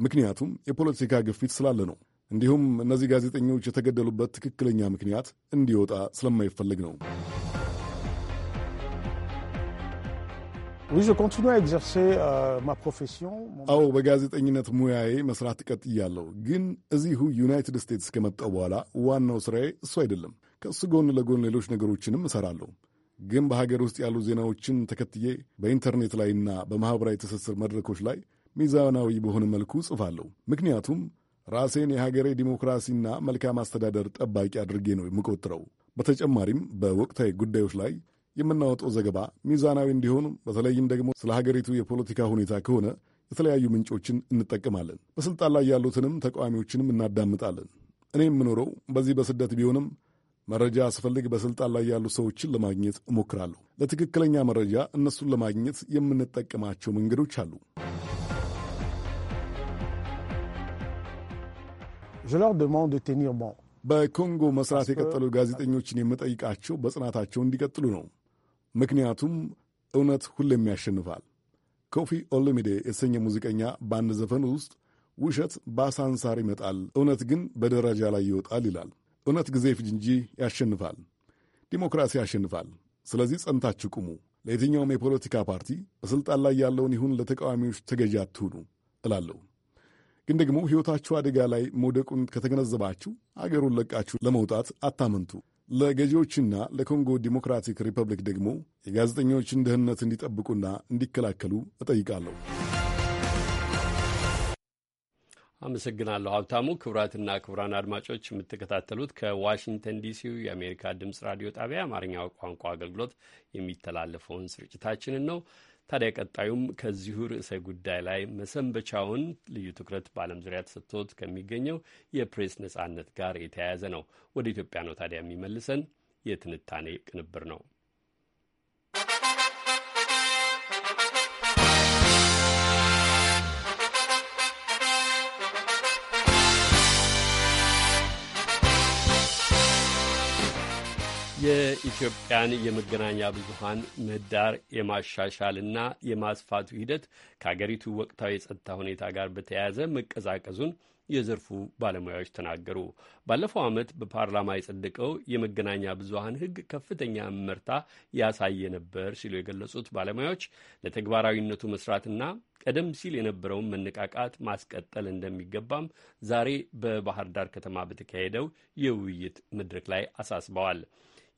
ምክንያቱም የፖለቲካ ግፊት ስላለ ነው። እንዲሁም እነዚህ ጋዜጠኞች የተገደሉበት ትክክለኛ ምክንያት እንዲወጣ ስለማይፈልግ ነው። Euh, አዎ በጋዜጠኝነት ሙያዬ መስራት ያለው ግን እዚሁ ዩናይትድ ስቴትስ ከመጣሁ በኋላ ዋናው ስራዬ እሱ አይደለም። ከእሱ ጎን ለጎን ሌሎች ነገሮችንም እሰራለሁ። ግን በሀገር ውስጥ ያሉ ዜናዎችን ተከትዬ በኢንተርኔት ላይና በማኅበራዊ ትስስር መድረኮች ላይ ሚዛናዊ በሆነ መልኩ ጽፋለሁ። ምክንያቱም ራሴን የሀገሬ ዲሞክራሲና መልካም አስተዳደር ጠባቂ አድርጌ ነው የምቆጥረው። በተጨማሪም በወቅታዊ ጉዳዮች ላይ የምናወጣው ዘገባ ሚዛናዊ እንዲሆን በተለይም ደግሞ ስለ ሀገሪቱ የፖለቲካ ሁኔታ ከሆነ የተለያዩ ምንጮችን እንጠቀማለን። በስልጣን ላይ ያሉትንም ተቃዋሚዎችንም እናዳምጣለን። እኔ የምኖረው በዚህ በስደት ቢሆንም መረጃ አስፈልግ በስልጣን ላይ ያሉ ሰዎችን ለማግኘት እሞክራለሁ። ለትክክለኛ መረጃ እነሱን ለማግኘት የምንጠቀማቸው መንገዶች አሉ። በኮንጎ መስራት የቀጠሉ ጋዜጠኞችን የምጠይቃቸው በጽናታቸው እንዲቀጥሉ ነው። ምክንያቱም እውነት ሁሌም ያሸንፋል። ኮፊ ኦሎሚዴ የተሰኘ ሙዚቀኛ በአንድ ዘፈን ውስጥ ውሸት በአሳ ይመጣል፣ እውነት ግን በደረጃ ላይ ይወጣል ይላል። እውነት ጊዜ ፍጅ እንጂ ያሸንፋል። ዲሞክራሲ ያሸንፋል። ስለዚህ ጸንታችሁ ቁሙ። ለየትኛውም የፖለቲካ ፓርቲ በሥልጣን ላይ ያለውን ይሁን ለተቃዋሚዎች ተገዢ አትሁኑ እላለሁ። ግን ደግሞ ሕይወታችሁ አደጋ ላይ መውደቁን ከተገነዘባችሁ አገሩን ለቃችሁ ለመውጣት አታመንቱ። ለገዢዎችና ለኮንጎ ዲሞክራቲክ ሪፐብሊክ ደግሞ የጋዜጠኞችን ደህንነት እንዲጠብቁና እንዲከላከሉ እጠይቃለሁ። አመሰግናለሁ ሀብታሙ። ክቡራትና ክቡራን አድማጮች የምትከታተሉት ከዋሽንግተን ዲሲው የአሜሪካ ድምፅ ራዲዮ ጣቢያ አማርኛው ቋንቋ አገልግሎት የሚተላለፈውን ስርጭታችንን ነው። ታዲያ ቀጣዩም ከዚሁ ርዕሰ ጉዳይ ላይ መሰንበቻውን ልዩ ትኩረት በዓለም ዙሪያ ተሰጥቶት ከሚገኘው የፕሬስ ነጻነት ጋር የተያያዘ ነው። ወደ ኢትዮጵያ ነው ታዲያ የሚመልሰን የትንታኔ ቅንብር ነው። የኢትዮጵያን የመገናኛ ብዙሀን ምህዳር የማሻሻልና የማስፋቱ ሂደት ከአገሪቱ ወቅታዊ የጸጥታ ሁኔታ ጋር በተያያዘ መቀዛቀዙን የዘርፉ ባለሙያዎች ተናገሩ። ባለፈው ዓመት በፓርላማ የጸደቀው የመገናኛ ብዙሀን ሕግ ከፍተኛ እመርታ ያሳየ ነበር ሲሉ የገለጹት ባለሙያዎች ለተግባራዊነቱ መስራትና ቀደም ሲል የነበረውን መነቃቃት ማስቀጠል እንደሚገባም ዛሬ በባህር ዳር ከተማ በተካሄደው የውይይት መድረክ ላይ አሳስበዋል።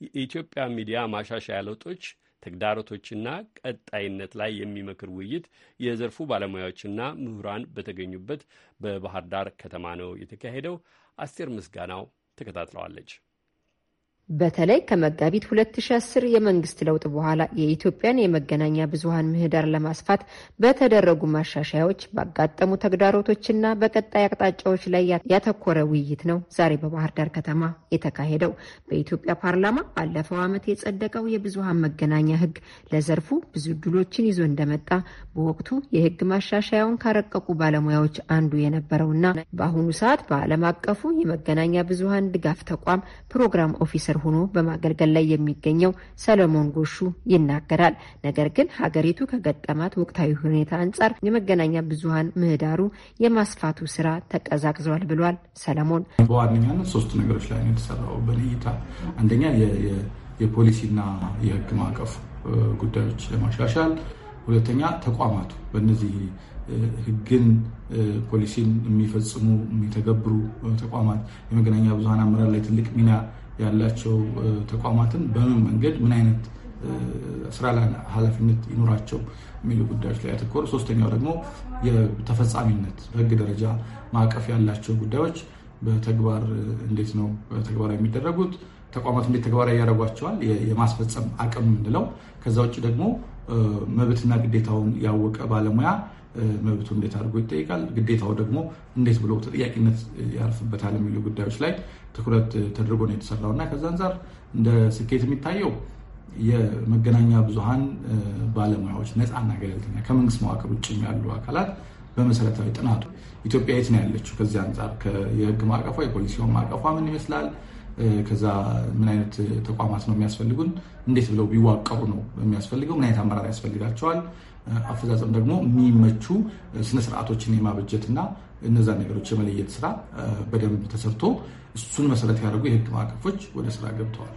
የኢትዮጵያ ሚዲያ ማሻሻያ ለውጦች ተግዳሮቶችና ቀጣይነት ላይ የሚመክር ውይይት የዘርፉ ባለሙያዎችና ምሁራን በተገኙበት በባህር ዳር ከተማ ነው የተካሄደው። አስቴር ምስጋናው ተከታትለዋለች። በተለይ ከመጋቢት 2010 የመንግስት ለውጥ በኋላ የኢትዮጵያን የመገናኛ ብዙሀን ምህዳር ለማስፋት በተደረጉ ማሻሻያዎች ባጋጠሙ ተግዳሮቶችና በቀጣይ አቅጣጫዎች ላይ ያተኮረ ውይይት ነው ዛሬ በባህር ዳር ከተማ የተካሄደው። በኢትዮጵያ ፓርላማ ባለፈው ዓመት የጸደቀው የብዙሀን መገናኛ ህግ ለዘርፉ ብዙ እድሎችን ይዞ እንደመጣ በወቅቱ የህግ ማሻሻያውን ካረቀቁ ባለሙያዎች አንዱ የነበረውና በአሁኑ ሰዓት በዓለም አቀፉ የመገናኛ ብዙሀን ድጋፍ ተቋም ፕሮግራም ኦፊሰር ሆኖ በማገልገል ላይ የሚገኘው ሰለሞን ጎሹ ይናገራል። ነገር ግን ሀገሪቱ ከገጠማት ወቅታዊ ሁኔታ አንጻር የመገናኛ ብዙሀን ምህዳሩ የማስፋቱ ስራ ተቀዛቅዟል ብሏል። ሰለሞን በዋነኛነት ሶስት ነገሮች ላይ ነው የተሰራው በንይታ አንደኛ የፖሊሲና የህግ ማዕቀፍ ጉዳዮች ለማሻሻል፣ ሁለተኛ ተቋማቱ በእነዚህ ህግን ፖሊሲን የሚፈጽሙ የሚተገብሩ ተቋማት የመገናኛ ብዙሀን አመራር ላይ ትልቅ ሚና ያላቸው ተቋማትን በምን መንገድ ምን አይነት ስራ ላይ ኃላፊነት ይኖራቸው የሚሉ ጉዳዮች ላይ ያተኮረ፣ ሶስተኛው ደግሞ የተፈጻሚነት በህግ ደረጃ ማዕቀፍ ያላቸው ጉዳዮች በተግባር እንዴት ነው በተግባራዊ የሚደረጉት፣ ተቋማት እንዴት ተግባራዊ ያደረጓቸዋል፣ የማስፈጸም አቅም ምንለው። ከዛ ውጭ ደግሞ መብትና ግዴታውን ያወቀ ባለሙያ መብቱ እንዴት አድርጎ ይጠይቃል፣ ግዴታው ደግሞ እንዴት ብሎ ተጠያቂነት ያርፍበታል የሚሉ ጉዳዮች ላይ ትኩረት ተደርጎ ነው የተሰራው እና ከዛ አንጻር እንደ ስኬት የሚታየው የመገናኛ ብዙሃን ባለሙያዎች ነፃና ገለልተኛ ከመንግስት መዋቅር ውጭ ያሉ አካላት በመሰረታዊ ጥናቱ ኢትዮጵያ የት ነው ያለችው፣ ከዚህ አንጻር የህግ ማዕቀፏ የፖሊሲው ማዕቀፏ ምን ይመስላል፣ ከዛ ምን አይነት ተቋማት ነው የሚያስፈልጉን፣ እንዴት ብለው ቢዋቀሩ ነው የሚያስፈልገው፣ ምን አይነት አመራር ያስፈልጋቸዋል አፈጻጸም ደግሞ የሚመቹ ስነስርዓቶችን እና እነዛ ነገሮች የመለየት ስራ በደንብ ተሰርቶ እሱን መሰረት ያደረጉ የህግ ማዕቀፎች ወደ ስራ ገብተዋል።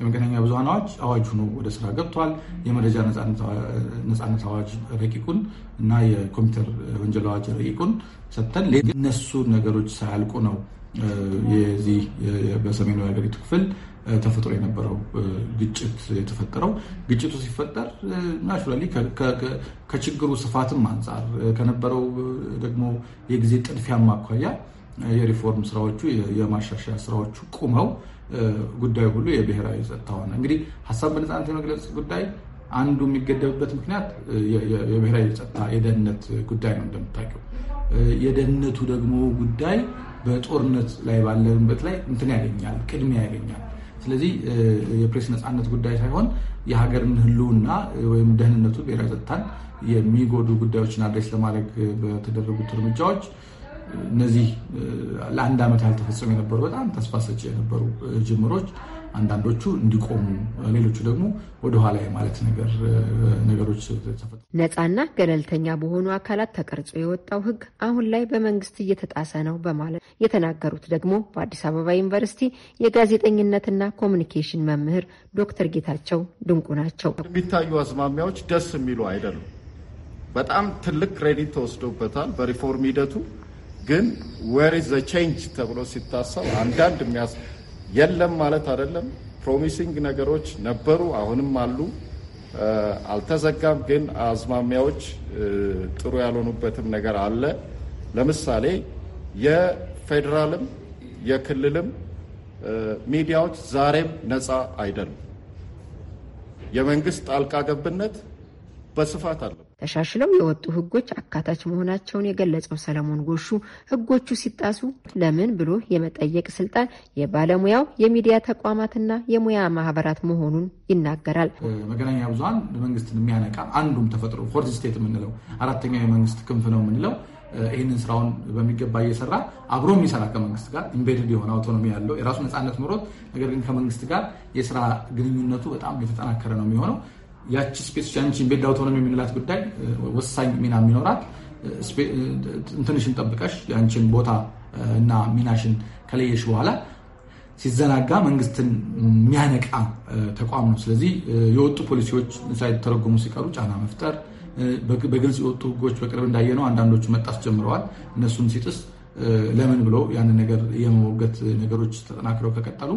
የመገናኛ ብዙሃን አዋጅ አዋጅ ሆኖ ወደ ስራ ገብተዋል። የመረጃ ነፃነት አዋጅ ረቂቁን እና የኮምፒውተር ወንጀል አዋጅ ረቂቁን ሰጥተን እነሱ ነገሮች ሳያልቁ ነው የዚህ በሰሜኑ የሀገሪቱ ክፍል ተፈጥሮ የነበረው ግጭት የተፈጠረው። ግጭቱ ሲፈጠር ናቹራሊ ከችግሩ ስፋትም አንጻር ከነበረው ደግሞ የጊዜ ጥድፊያም አኳያ የሪፎርም ስራዎቹ የማሻሻያ ስራዎቹ ቁመው ጉዳዩ ሁሉ የብሔራዊ ጸጥታ ሆነ። እንግዲህ ሀሳብ በነፃነት የመግለጽ ጉዳይ አንዱ የሚገደብበት ምክንያት የብሔራዊ ጸጥታ የደህንነት ጉዳይ ነው። እንደምታውቂው የደህንነቱ ደግሞ ጉዳይ በጦርነት ላይ ባለንበት ላይ እንትን ያገኛል፣ ቅድሚያ ያገኛል። ስለዚህ የፕሬስ ነፃነት ጉዳይ ሳይሆን የሀገርን ሕልውና ወይም ደህንነቱን ብሔራዊ ጸጥታን የሚጎዱ ጉዳዮችን አድሬስ ለማድረግ በተደረጉት እርምጃዎች እነዚህ ለአንድ ዓመት ያልተፈጸሙ የነበሩ በጣም ተስፋ ሰጪ የነበሩ ጅምሮች አንዳንዶቹ እንዲቆሙ፣ ሌሎቹ ደግሞ ወደኋላ ማለት ነገር ነገሮች ተፈ ነፃና ገለልተኛ በሆኑ አካላት ተቀርጾ የወጣው ህግ አሁን ላይ በመንግስት እየተጣሰ ነው በማለት የተናገሩት ደግሞ በአዲስ አበባ ዩኒቨርሲቲ የጋዜጠኝነትና ኮሚኒኬሽን መምህር ዶክተር ጌታቸው ድንቁ ናቸው። የሚታዩ አዝማሚያዎች ደስ የሚሉ አይደሉም። በጣም ትልቅ ክሬዲት ተወስዶበታል በሪፎርም ሂደቱ ግን ዌር ዘ ቼንጅ ተብሎ ሲታሰብ አንዳንድ የሚያስ የለም ማለት አይደለም። ፕሮሚሲንግ ነገሮች ነበሩ፣ አሁንም አሉ። አልተዘጋም፣ ግን አዝማሚያዎች ጥሩ ያልሆኑበትም ነገር አለ። ለምሳሌ የፌዴራልም የክልልም ሚዲያዎች ዛሬም ነፃ አይደሉም። የመንግስት ጣልቃ ገብነት በስፋት አለ። ተሻሽለው የወጡ ህጎች አካታች መሆናቸውን የገለጸው ሰለሞን ጎሹ ህጎቹ ሲጣሱ ለምን ብሎ የመጠየቅ ስልጣን የባለሙያው የሚዲያ ተቋማትና የሙያ ማህበራት መሆኑን ይናገራል። መገናኛ ብዙሀን መንግስትን የሚያነቃ አንዱም ተፈጥሮ ፎርት ስቴት የምንለው አራተኛው የመንግስት ክንፍ ነው የምንለው ይህንን ስራውን በሚገባ እየሰራ አብሮ የሚሰራ ከመንግስት ጋር ኢምቤድድ የሆነ አውቶኖሚ ያለው የራሱ ነፃነት ኖሮት ነገር ግን ከመንግስት ጋር የስራ ግንኙነቱ በጣም የተጠናከረ ነው የሚሆነው ያቺ ስፔስ ያንቺ ቤድ አውቶኖሚ የምንላት ጉዳይ ወሳኝ ሚና የሚኖራት እንትንሽን ጠብቀሽ የአንቺን ቦታ እና ሚናሽን ከለየሽ በኋላ ሲዘናጋ መንግስትን የሚያነቃ ተቋም ነው። ስለዚህ የወጡ ፖሊሲዎች ሳይተረጎሙ ሲቀሩ ጫና መፍጠር፣ በግልጽ የወጡ ህጎች በቅርብ እንዳየነው አንዳንዶቹ መጣስ ጀምረዋል። እነሱን ሲጥስ ለምን ብሎ ያንን ነገር የመሞገት ነገሮች ተጠናክረው ከቀጠሉ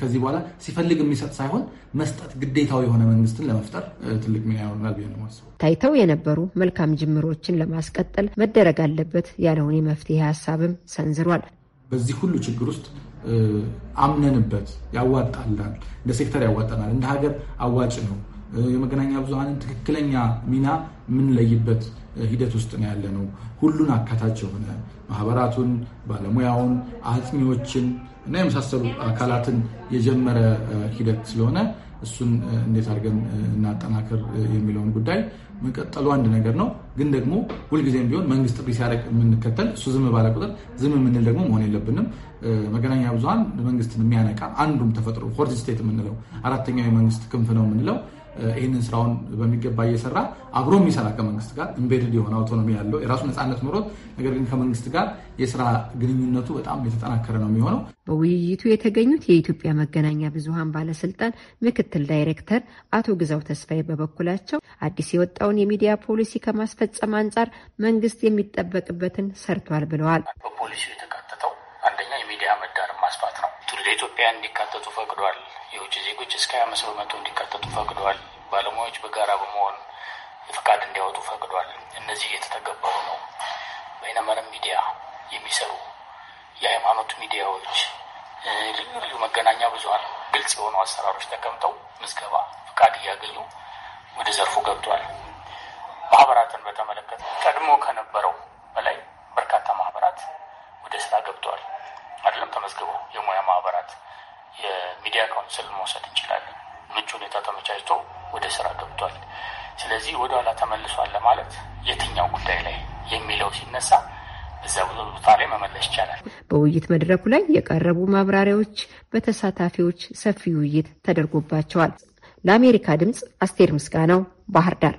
ከዚህ በኋላ ሲፈልግ የሚሰጥ ሳይሆን መስጠት ግዴታው የሆነ መንግስትን ለመፍጠር ትልቅ ሚና ይሆናል ብዬ ነው የማስበው። ታይተው የነበሩ መልካም ጅምሮችን ለማስቀጠል መደረግ አለበት ያለውን የመፍትሄ ሀሳብም ሰንዝሯል። በዚህ ሁሉ ችግር ውስጥ አምነንበት ያዋጣላል፣ እንደ ሴክተር ያዋጠናል፣ እንደ ሀገር አዋጭ ነው። የመገናኛ ብዙሃንን ትክክለኛ ሚና የምንለይበት ሂደት ውስጥ ነው ያለ ነው። ሁሉን አካታች የሆነ ማህበራቱን፣ ባለሙያውን፣ አጥኚዎችን እና የመሳሰሉ አካላትን የጀመረ ሂደት ስለሆነ እሱን እንዴት አድርገን እናጠናክር የሚለውን ጉዳይ መቀጠሉ አንድ ነገር ነው። ግን ደግሞ ሁልጊዜም ቢሆን መንግስት ጥሪ ሲያደርግ የምንከተል እሱ ዝም ባለ ቁጥር ዝም የምንል ደግሞ መሆን የለብንም። መገናኛ ብዙሃን መንግስትን የሚያነቃ አንዱም ተፈጥሮ ፎርዝ ስቴት የምንለው አራተኛው የመንግስት ክንፍ ነው የምንለው ይህንን ስራውን በሚገባ እየሰራ አብሮ የሚሰራ ከመንግስት ጋር ኢምቤድድ የሆነ አውቶኖሚ ያለው የራሱ ነፃነት ኖሮት፣ ነገር ግን ከመንግስት ጋር የስራ ግንኙነቱ በጣም የተጠናከረ ነው የሚሆነው። በውይይቱ የተገኙት የኢትዮጵያ መገናኛ ብዙሃን ባለስልጣን ምክትል ዳይሬክተር አቶ ግዛው ተስፋዬ በበኩላቸው አዲስ የወጣውን የሚዲያ ፖሊሲ ከማስፈጸም አንጻር መንግስት የሚጠበቅበትን ሰርቷል ብለዋል። የተቀ ከኢትዮጵያ እንዲካተቱ ፈቅዷል። የውጭ ዜጎች እስከ ሀያ አምስት በመቶ እንዲካተቱ ፈቅዷል። ባለሙያዎች በጋራ በመሆን ፍቃድ እንዲያወጡ ፈቅዷል። እነዚህ እየተተገበሩ ነው። በይነመረብ ሚዲያ የሚሰሩ የሃይማኖት ሚዲያዎች፣ ልዩ ልዩ መገናኛ ብዙሀን ግልጽ የሆኑ አሰራሮች ተቀምጠው ምዝገባ ፍቃድ እያገኙ ወደ ዘርፉ ገብቷል። ማህበራትን በተመለከተ ቀድሞ ከነበረው በላይ በርካታ ማህበራት ወደ ስራ ገብቷል። አይደለም ተመዝግበው የሙያ ማህበራት የሚዲያ ካውንስል መውሰድ እንችላለን። ምቹ ሁኔታ ተመቻችቶ ወደ ስራ ገብቷል። ስለዚህ ወደኋላ ተመልሷል ለማለት የትኛው ጉዳይ ላይ የሚለው ሲነሳ እዛ ብዙ ቦታ ላይ መመለስ ይቻላል። በውይይት መድረኩ ላይ የቀረቡ ማብራሪያዎች በተሳታፊዎች ሰፊ ውይይት ተደርጎባቸዋል። ለአሜሪካ ድምፅ አስቴር ምስጋናው ባህር ዳር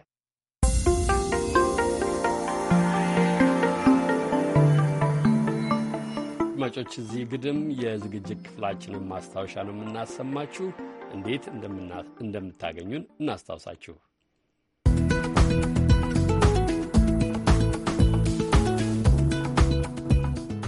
አድማጮች እዚህ ግድም የዝግጅት ክፍላችንን ማስታወሻ ነው የምናሰማችሁ። እንዴት እንደምታገኙን እናስታውሳችሁ።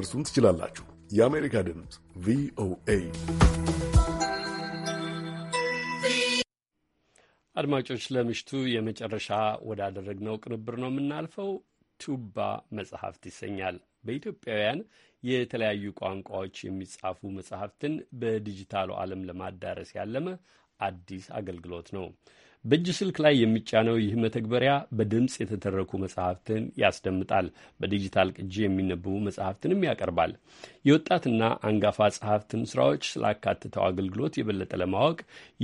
ልታደርሱን ትችላላችሁ። የአሜሪካ ድምፅ ቪኦኤ። አድማጮች ለምሽቱ የመጨረሻ ወዳደረግነው ቅንብር ነው የምናልፈው። ቱባ መጽሐፍት ይሰኛል። በኢትዮጵያውያን የተለያዩ ቋንቋዎች የሚጻፉ መጽሐፍትን በዲጂታሉ ዓለም ለማዳረስ ያለመ አዲስ አገልግሎት ነው። በእጅ ስልክ ላይ የሚጫነው ይህ መተግበሪያ በድምፅ የተተረኩ መጽሐፍትን ያስደምጣል። በዲጂታል ቅጂ የሚነበቡ መጽሐፍትንም ያቀርባል። የወጣትና አንጋፋ ጸሐፍትን ስራዎች ስላካትተው አገልግሎት የበለጠ ለማወቅ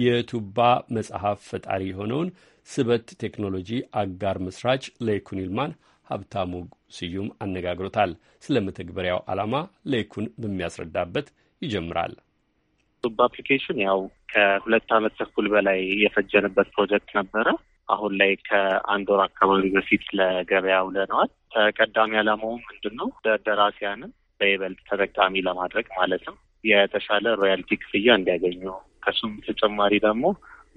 የቱባ መጽሐፍ ፈጣሪ የሆነውን ስበት ቴክኖሎጂ አጋር መስራች ለይኩን ይልማን ሀብታሙ ስዩም አነጋግሮታል። ስለ መተግበሪያው ዓላማ ለይኩን በሚያስረዳበት ይጀምራል። ሱብ አፕሊኬሽን ያው ከሁለት ዓመት ተኩል በላይ የፈጀንበት ፕሮጀክት ነበረ። አሁን ላይ ከአንድ ወር አካባቢ በፊት ለገበያ ውለነዋል። ተቀዳሚ አላማውም ምንድን ነው? ደራሲያንን በይበልጥ ተጠቃሚ ለማድረግ ማለትም የተሻለ ሮያልቲ ክፍያ እንዲያገኙ ከሱም ተጨማሪ ደግሞ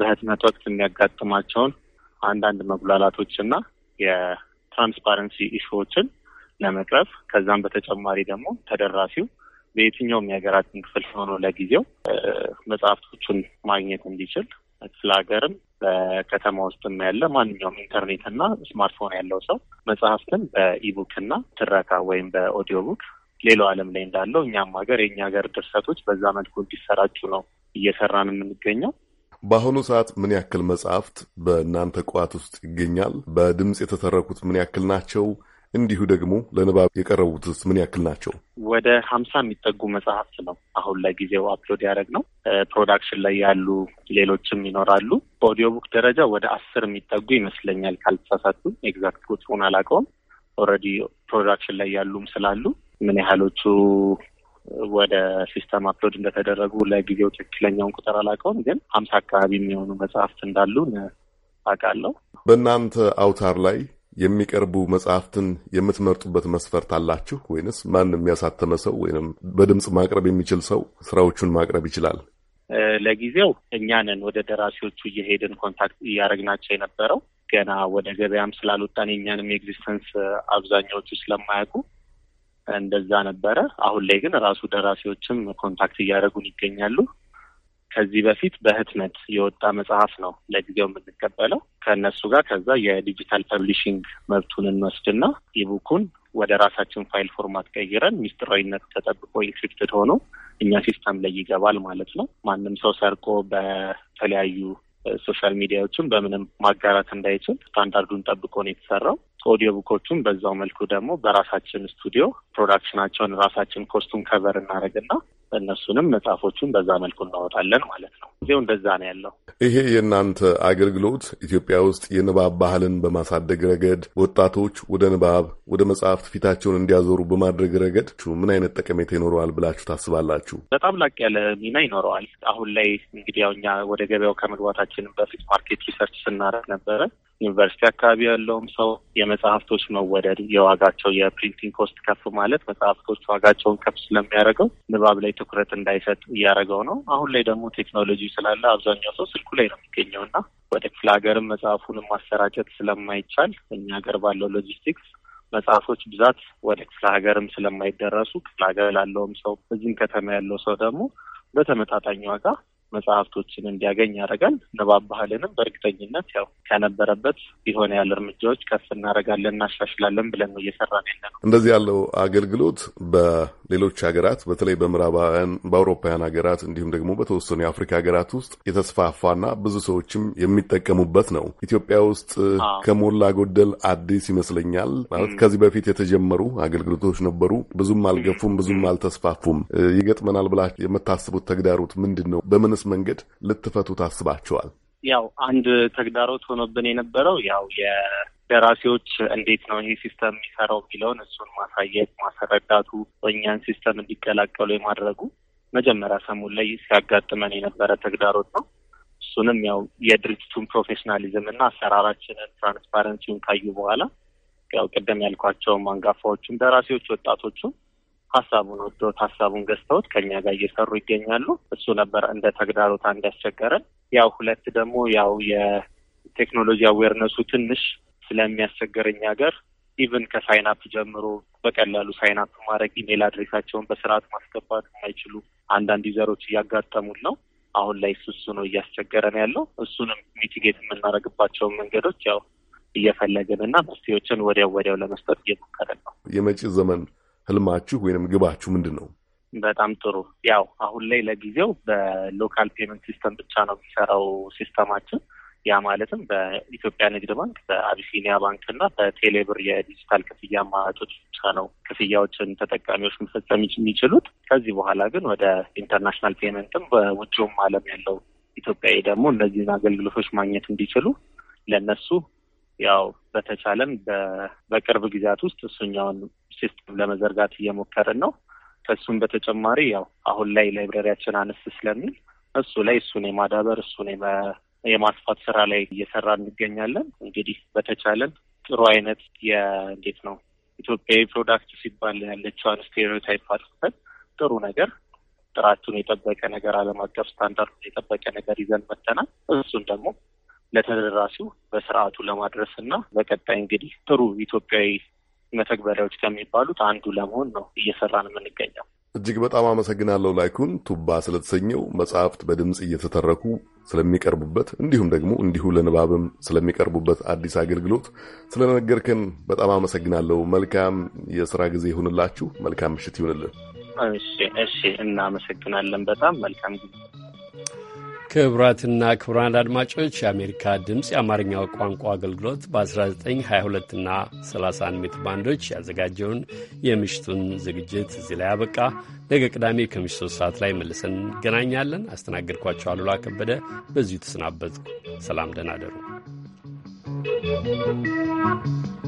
በህትመት ወቅት የሚያጋጥማቸውን አንዳንድ መጉላላቶች እና የትራንስፓረንሲ ኢሹዎችን ለመቅረፍ ከዛም በተጨማሪ ደግሞ ተደራሲው በየትኛውም የሀገራችን ክፍል ሆኖ ለጊዜው መጽሐፍቶቹን ማግኘት እንዲችል ክፍለ ሀገርም በከተማ ውስጥም ያለ ማንኛውም ኢንተርኔትና ስማርትፎን ያለው ሰው መጽሐፍትን በኢቡክና ትረካ ወይም በኦዲዮ ቡክ ሌላው ዓለም ላይ እንዳለው እኛም ሀገር የእኛ ሀገር ድርሰቶች በዛ መልኩ እንዲሰራጩ ነው እየሰራን የምንገኘው። በአሁኑ ሰዓት ምን ያክል መጽሐፍት በእናንተ ቋት ውስጥ ይገኛል? በድምፅ የተተረኩት ምን ያክል ናቸው? እንዲሁ ደግሞ ለንባብ የቀረቡትስ ምን ያክል ናቸው? ወደ ሀምሳ የሚጠጉ መጽሐፍት ነው አሁን ለጊዜው አፕሎድ ያደረግ ነው። ፕሮዳክሽን ላይ ያሉ ሌሎችም ይኖራሉ። በኦዲዮ ቡክ ደረጃ ወደ አስር የሚጠጉ ይመስለኛል ካልተሳሳቱ፣ ኤግዛክት ቁጥሩን አላውቀውም። ኦልሬዲ ፕሮዳክሽን ላይ ያሉም ስላሉ ምን ያህሎቹ ወደ ሲስተም አፕሎድ እንደተደረጉ ለጊዜው ትክክለኛውን ቁጥር አላውቀውም፣ ግን ሀምሳ አካባቢ የሚሆኑ መጽሐፍት እንዳሉ አውቃለሁ። በእናንተ አውታር ላይ የሚቀርቡ መጽሐፍትን የምትመርጡበት መስፈርት አላችሁ ወይንስ ማን የሚያሳተመ ሰው ወይም በድምፅ ማቅረብ የሚችል ሰው ስራዎቹን ማቅረብ ይችላል? ለጊዜው እኛንን ወደ ደራሲዎቹ እየሄድን ኮንታክት እያደረግናቸው የነበረው ገና ወደ ገበያም ስላልወጣን የእኛንም ኤግዚስተንስ አብዛኛዎቹ ስለማያውቁ እንደዛ ነበረ። አሁን ላይ ግን ራሱ ደራሲዎችም ኮንታክት እያደረጉን ይገኛሉ። ከዚህ በፊት በህትመት የወጣ መጽሐፍ ነው ለጊዜው የምንቀበለው ከእነሱ ጋር። ከዛ የዲጂታል ፐብሊሽንግ መብቱን እንወስድና ኢቡኩን ወደ ራሳችን ፋይል ፎርማት ቀይረን ሚስጥራዊነት ተጠብቆ ኢንክሪፕትድ ሆኖ እኛ ሲስተም ላይ ይገባል ማለት ነው። ማንም ሰው ሰርቆ በተለያዩ ሶሻል ሚዲያዎችን በምንም ማጋራት እንዳይችል ስታንዳርዱን ጠብቆ ነው የተሰራው። ኦዲዮ ቡኮቹም በዛው መልኩ ደግሞ በራሳችን ስቱዲዮ ፕሮዳክሽናቸውን ራሳችን ኮስቱም ከቨር እናደርግና እነሱንም መጽሐፎቹን በዛ መልኩ እናወጣለን ማለት ነው። ጊዜው እንደዛ ነው ያለው። ይሄ የእናንተ አገልግሎት ኢትዮጵያ ውስጥ የንባብ ባህልን በማሳደግ ረገድ፣ ወጣቶች ወደ ንባብ ወደ መጽሐፍት ፊታቸውን እንዲያዞሩ በማድረግ ረገድ ምን አይነት ጠቀሜታ ይኖረዋል ብላችሁ ታስባላችሁ? በጣም ላቅ ያለ ሚና ይኖረዋል። አሁን ላይ እንግዲህ ያው እኛ ወደ ገበያው ከመግባታችን በፊት ማርኬት ሪሰርች ስናደርግ ነበረ። ዩኒቨርሲቲ አካባቢ ያለውም ሰው የመጽሐፍቶች መወደድ የዋጋቸው የፕሪንቲንግ ኮስት ከፍ ማለት መጽሐፍቶች ዋጋቸውን ከፍ ስለሚያደርገው ንባብ ላይ ትኩረት እንዳይሰጥ እያደረገው ነው። አሁን ላይ ደግሞ ቴክኖሎጂ ስላለ አብዛኛው ሰው ስልኩ ላይ ነው የሚገኘው እና ወደ ክፍለ ሀገርም መጽሐፉንም ማሰራጨት ስለማይቻል እኛ ሀገር ባለው ሎጂስቲክስ መጽሐፎች ብዛት ወደ ክፍለ ሀገርም ስለማይደረሱ ክፍለ ሀገር ላለውም ሰው እዚህም ከተማ ያለው ሰው ደግሞ በተመጣጣኝ ዋጋ መጽሐፍቶችን እንዲያገኝ ያደርጋል። ንባብ ባህልንም በእርግጠኝነት ያው ከነበረበት ቢሆን ያለ እርምጃዎች ከፍ እናደርጋለን እናሻሽላለን ብለን ነው እየሰራ ያለ ነው። እንደዚህ ያለው አገልግሎት በሌሎች ሀገራት በተለይ በምዕራባውያን በአውሮፓውያን ሀገራት እንዲሁም ደግሞ በተወሰኑ የአፍሪካ ሀገራት ውስጥ የተስፋፋና ብዙ ሰዎችም የሚጠቀሙበት ነው። ኢትዮጵያ ውስጥ ከሞላ ጎደል አዲስ ይመስለኛል። ማለት ከዚህ በፊት የተጀመሩ አገልግሎቶች ነበሩ፣ ብዙም አልገፉም፣ ብዙም አልተስፋፉም። ይገጥመናል ብላ የምታስቡት ተግዳሮት ምንድን ነው? በምን በምንስ መንገድ ልትፈቱ ታስባችኋል? ያው አንድ ተግዳሮት ሆኖብን የነበረው ያው ደራሲዎች እንዴት ነው ይሄ ሲስተም የሚሰራው የሚለውን እሱን ማሳየት ማስረዳቱ፣ በእኛን ሲስተም እንዲቀላቀሉ የማድረጉ መጀመሪያ ሰሙን ላይ ሲያጋጥመን የነበረ ተግዳሮት ነው። እሱንም ያው የድርጅቱን ፕሮፌሽናሊዝም እና አሰራራችንን ትራንስፓረንሲውን ካዩ በኋላ ያው ቅደም ያልኳቸውም አንጋፋዎቹም ደራሲዎች ወጣቶቹም ሀሳቡን ወዶት ሀሳቡን ገዝተውት ከኛ ጋር እየሰሩ ይገኛሉ። እሱ ነበር እንደ ተግዳሮት አንድ ያስቸገረን። ያው ሁለት ደግሞ ያው የቴክኖሎጂ አዌርነሱ ትንሽ ስለሚያስቸገረኝ ሀገር ኢቨን ከሳይናፕ ጀምሮ በቀላሉ ሳይናፕ ማድረግ ኢሜል አድሬሳቸውን በስርዓት ማስገባት የማይችሉ አንዳንድ ዩዘሮች እያጋጠሙን ነው። አሁን ላይ እሱ እሱ ነው እያስቸገረን ያለው። እሱንም ሚቲጌት የምናደርግባቸውን መንገዶች ያው እየፈለግን እና መፍትሄዎችን ወዲያው ወዲያው ለመስጠት እየሞከረን ነው። የመጪ ዘመን ህልማችሁ ወይንም ግባችሁ ምንድን ነው? በጣም ጥሩ። ያው አሁን ላይ ለጊዜው በሎካል ፔመንት ሲስተም ብቻ ነው የሚሰራው ሲስተማችን። ያ ማለትም በኢትዮጵያ ንግድ ባንክ፣ በአቢሲኒያ ባንክ እና በቴሌብር የዲጂታል ክፍያ አማራጮች ብቻ ነው ክፍያዎችን ተጠቃሚዎች መፈጸም የሚችሉት። ከዚህ በኋላ ግን ወደ ኢንተርናሽናል ፔመንትም በውጭውም ዓለም ያለው ኢትዮጵያዊ ደግሞ እነዚህን አገልግሎቶች ማግኘት እንዲችሉ ለእነሱ ያው በተቻለም በቅርብ ጊዜያት ውስጥ እሱኛውን ሲስተም ለመዘርጋት እየሞከርን ነው። ከእሱም በተጨማሪ ያው አሁን ላይ ላይብረሪያችን አነስ ስለሚል እሱ ላይ እሱን የማዳበር እሱን የማስፋት ስራ ላይ እየሰራ እንገኛለን። እንግዲህ በተቻለን ጥሩ አይነት የእንዴት ነው ኢትዮጵያዊ ፕሮዳክት ሲባል ያለችዋን ስቴሪዮታይፕ አድርገን ጥሩ ነገር ጥራቱን የጠበቀ ነገር ዓለም አቀፍ ስታንዳርዱን የጠበቀ ነገር ይዘን መተናል። እሱን ደግሞ ለተደራሲው በስርዓቱ ለማድረስ እና በቀጣይ እንግዲህ ጥሩ ኢትዮጵያዊ መተግበሪያዎች ከሚባሉት አንዱ ለመሆን ነው እየሰራን የምንገኘው። እጅግ በጣም አመሰግናለሁ። ላይኩን ቱባ ስለተሰኘው መጽሐፍት በድምፅ እየተተረኩ ስለሚቀርቡበት እንዲሁም ደግሞ እንዲሁ ለንባብም ስለሚቀርቡበት አዲስ አገልግሎት ስለነገርከን በጣም አመሰግናለሁ። መልካም የስራ ጊዜ ይሁንላችሁ። መልካም ምሽት ይሁንልን። እሺ፣ እሺ። እናመሰግናለን። በጣም መልካም ጊዜ ክቡራትና ክቡራን አድማጮች የአሜሪካ ድምፅ የአማርኛው ቋንቋ አገልግሎት በ1922 እና 31 ሜትር ባንዶች ያዘጋጀውን የምሽቱን ዝግጅት እዚህ ላይ አበቃ። ነገ ቅዳሜ ከምሽቱ 3 ሰዓት ላይ መልሰን እንገናኛለን። አስተናገድኳቸው አሉላ ከበደ በዚሁ ተሰናበትኩ። ሰላም፣ ደህና ደሩ።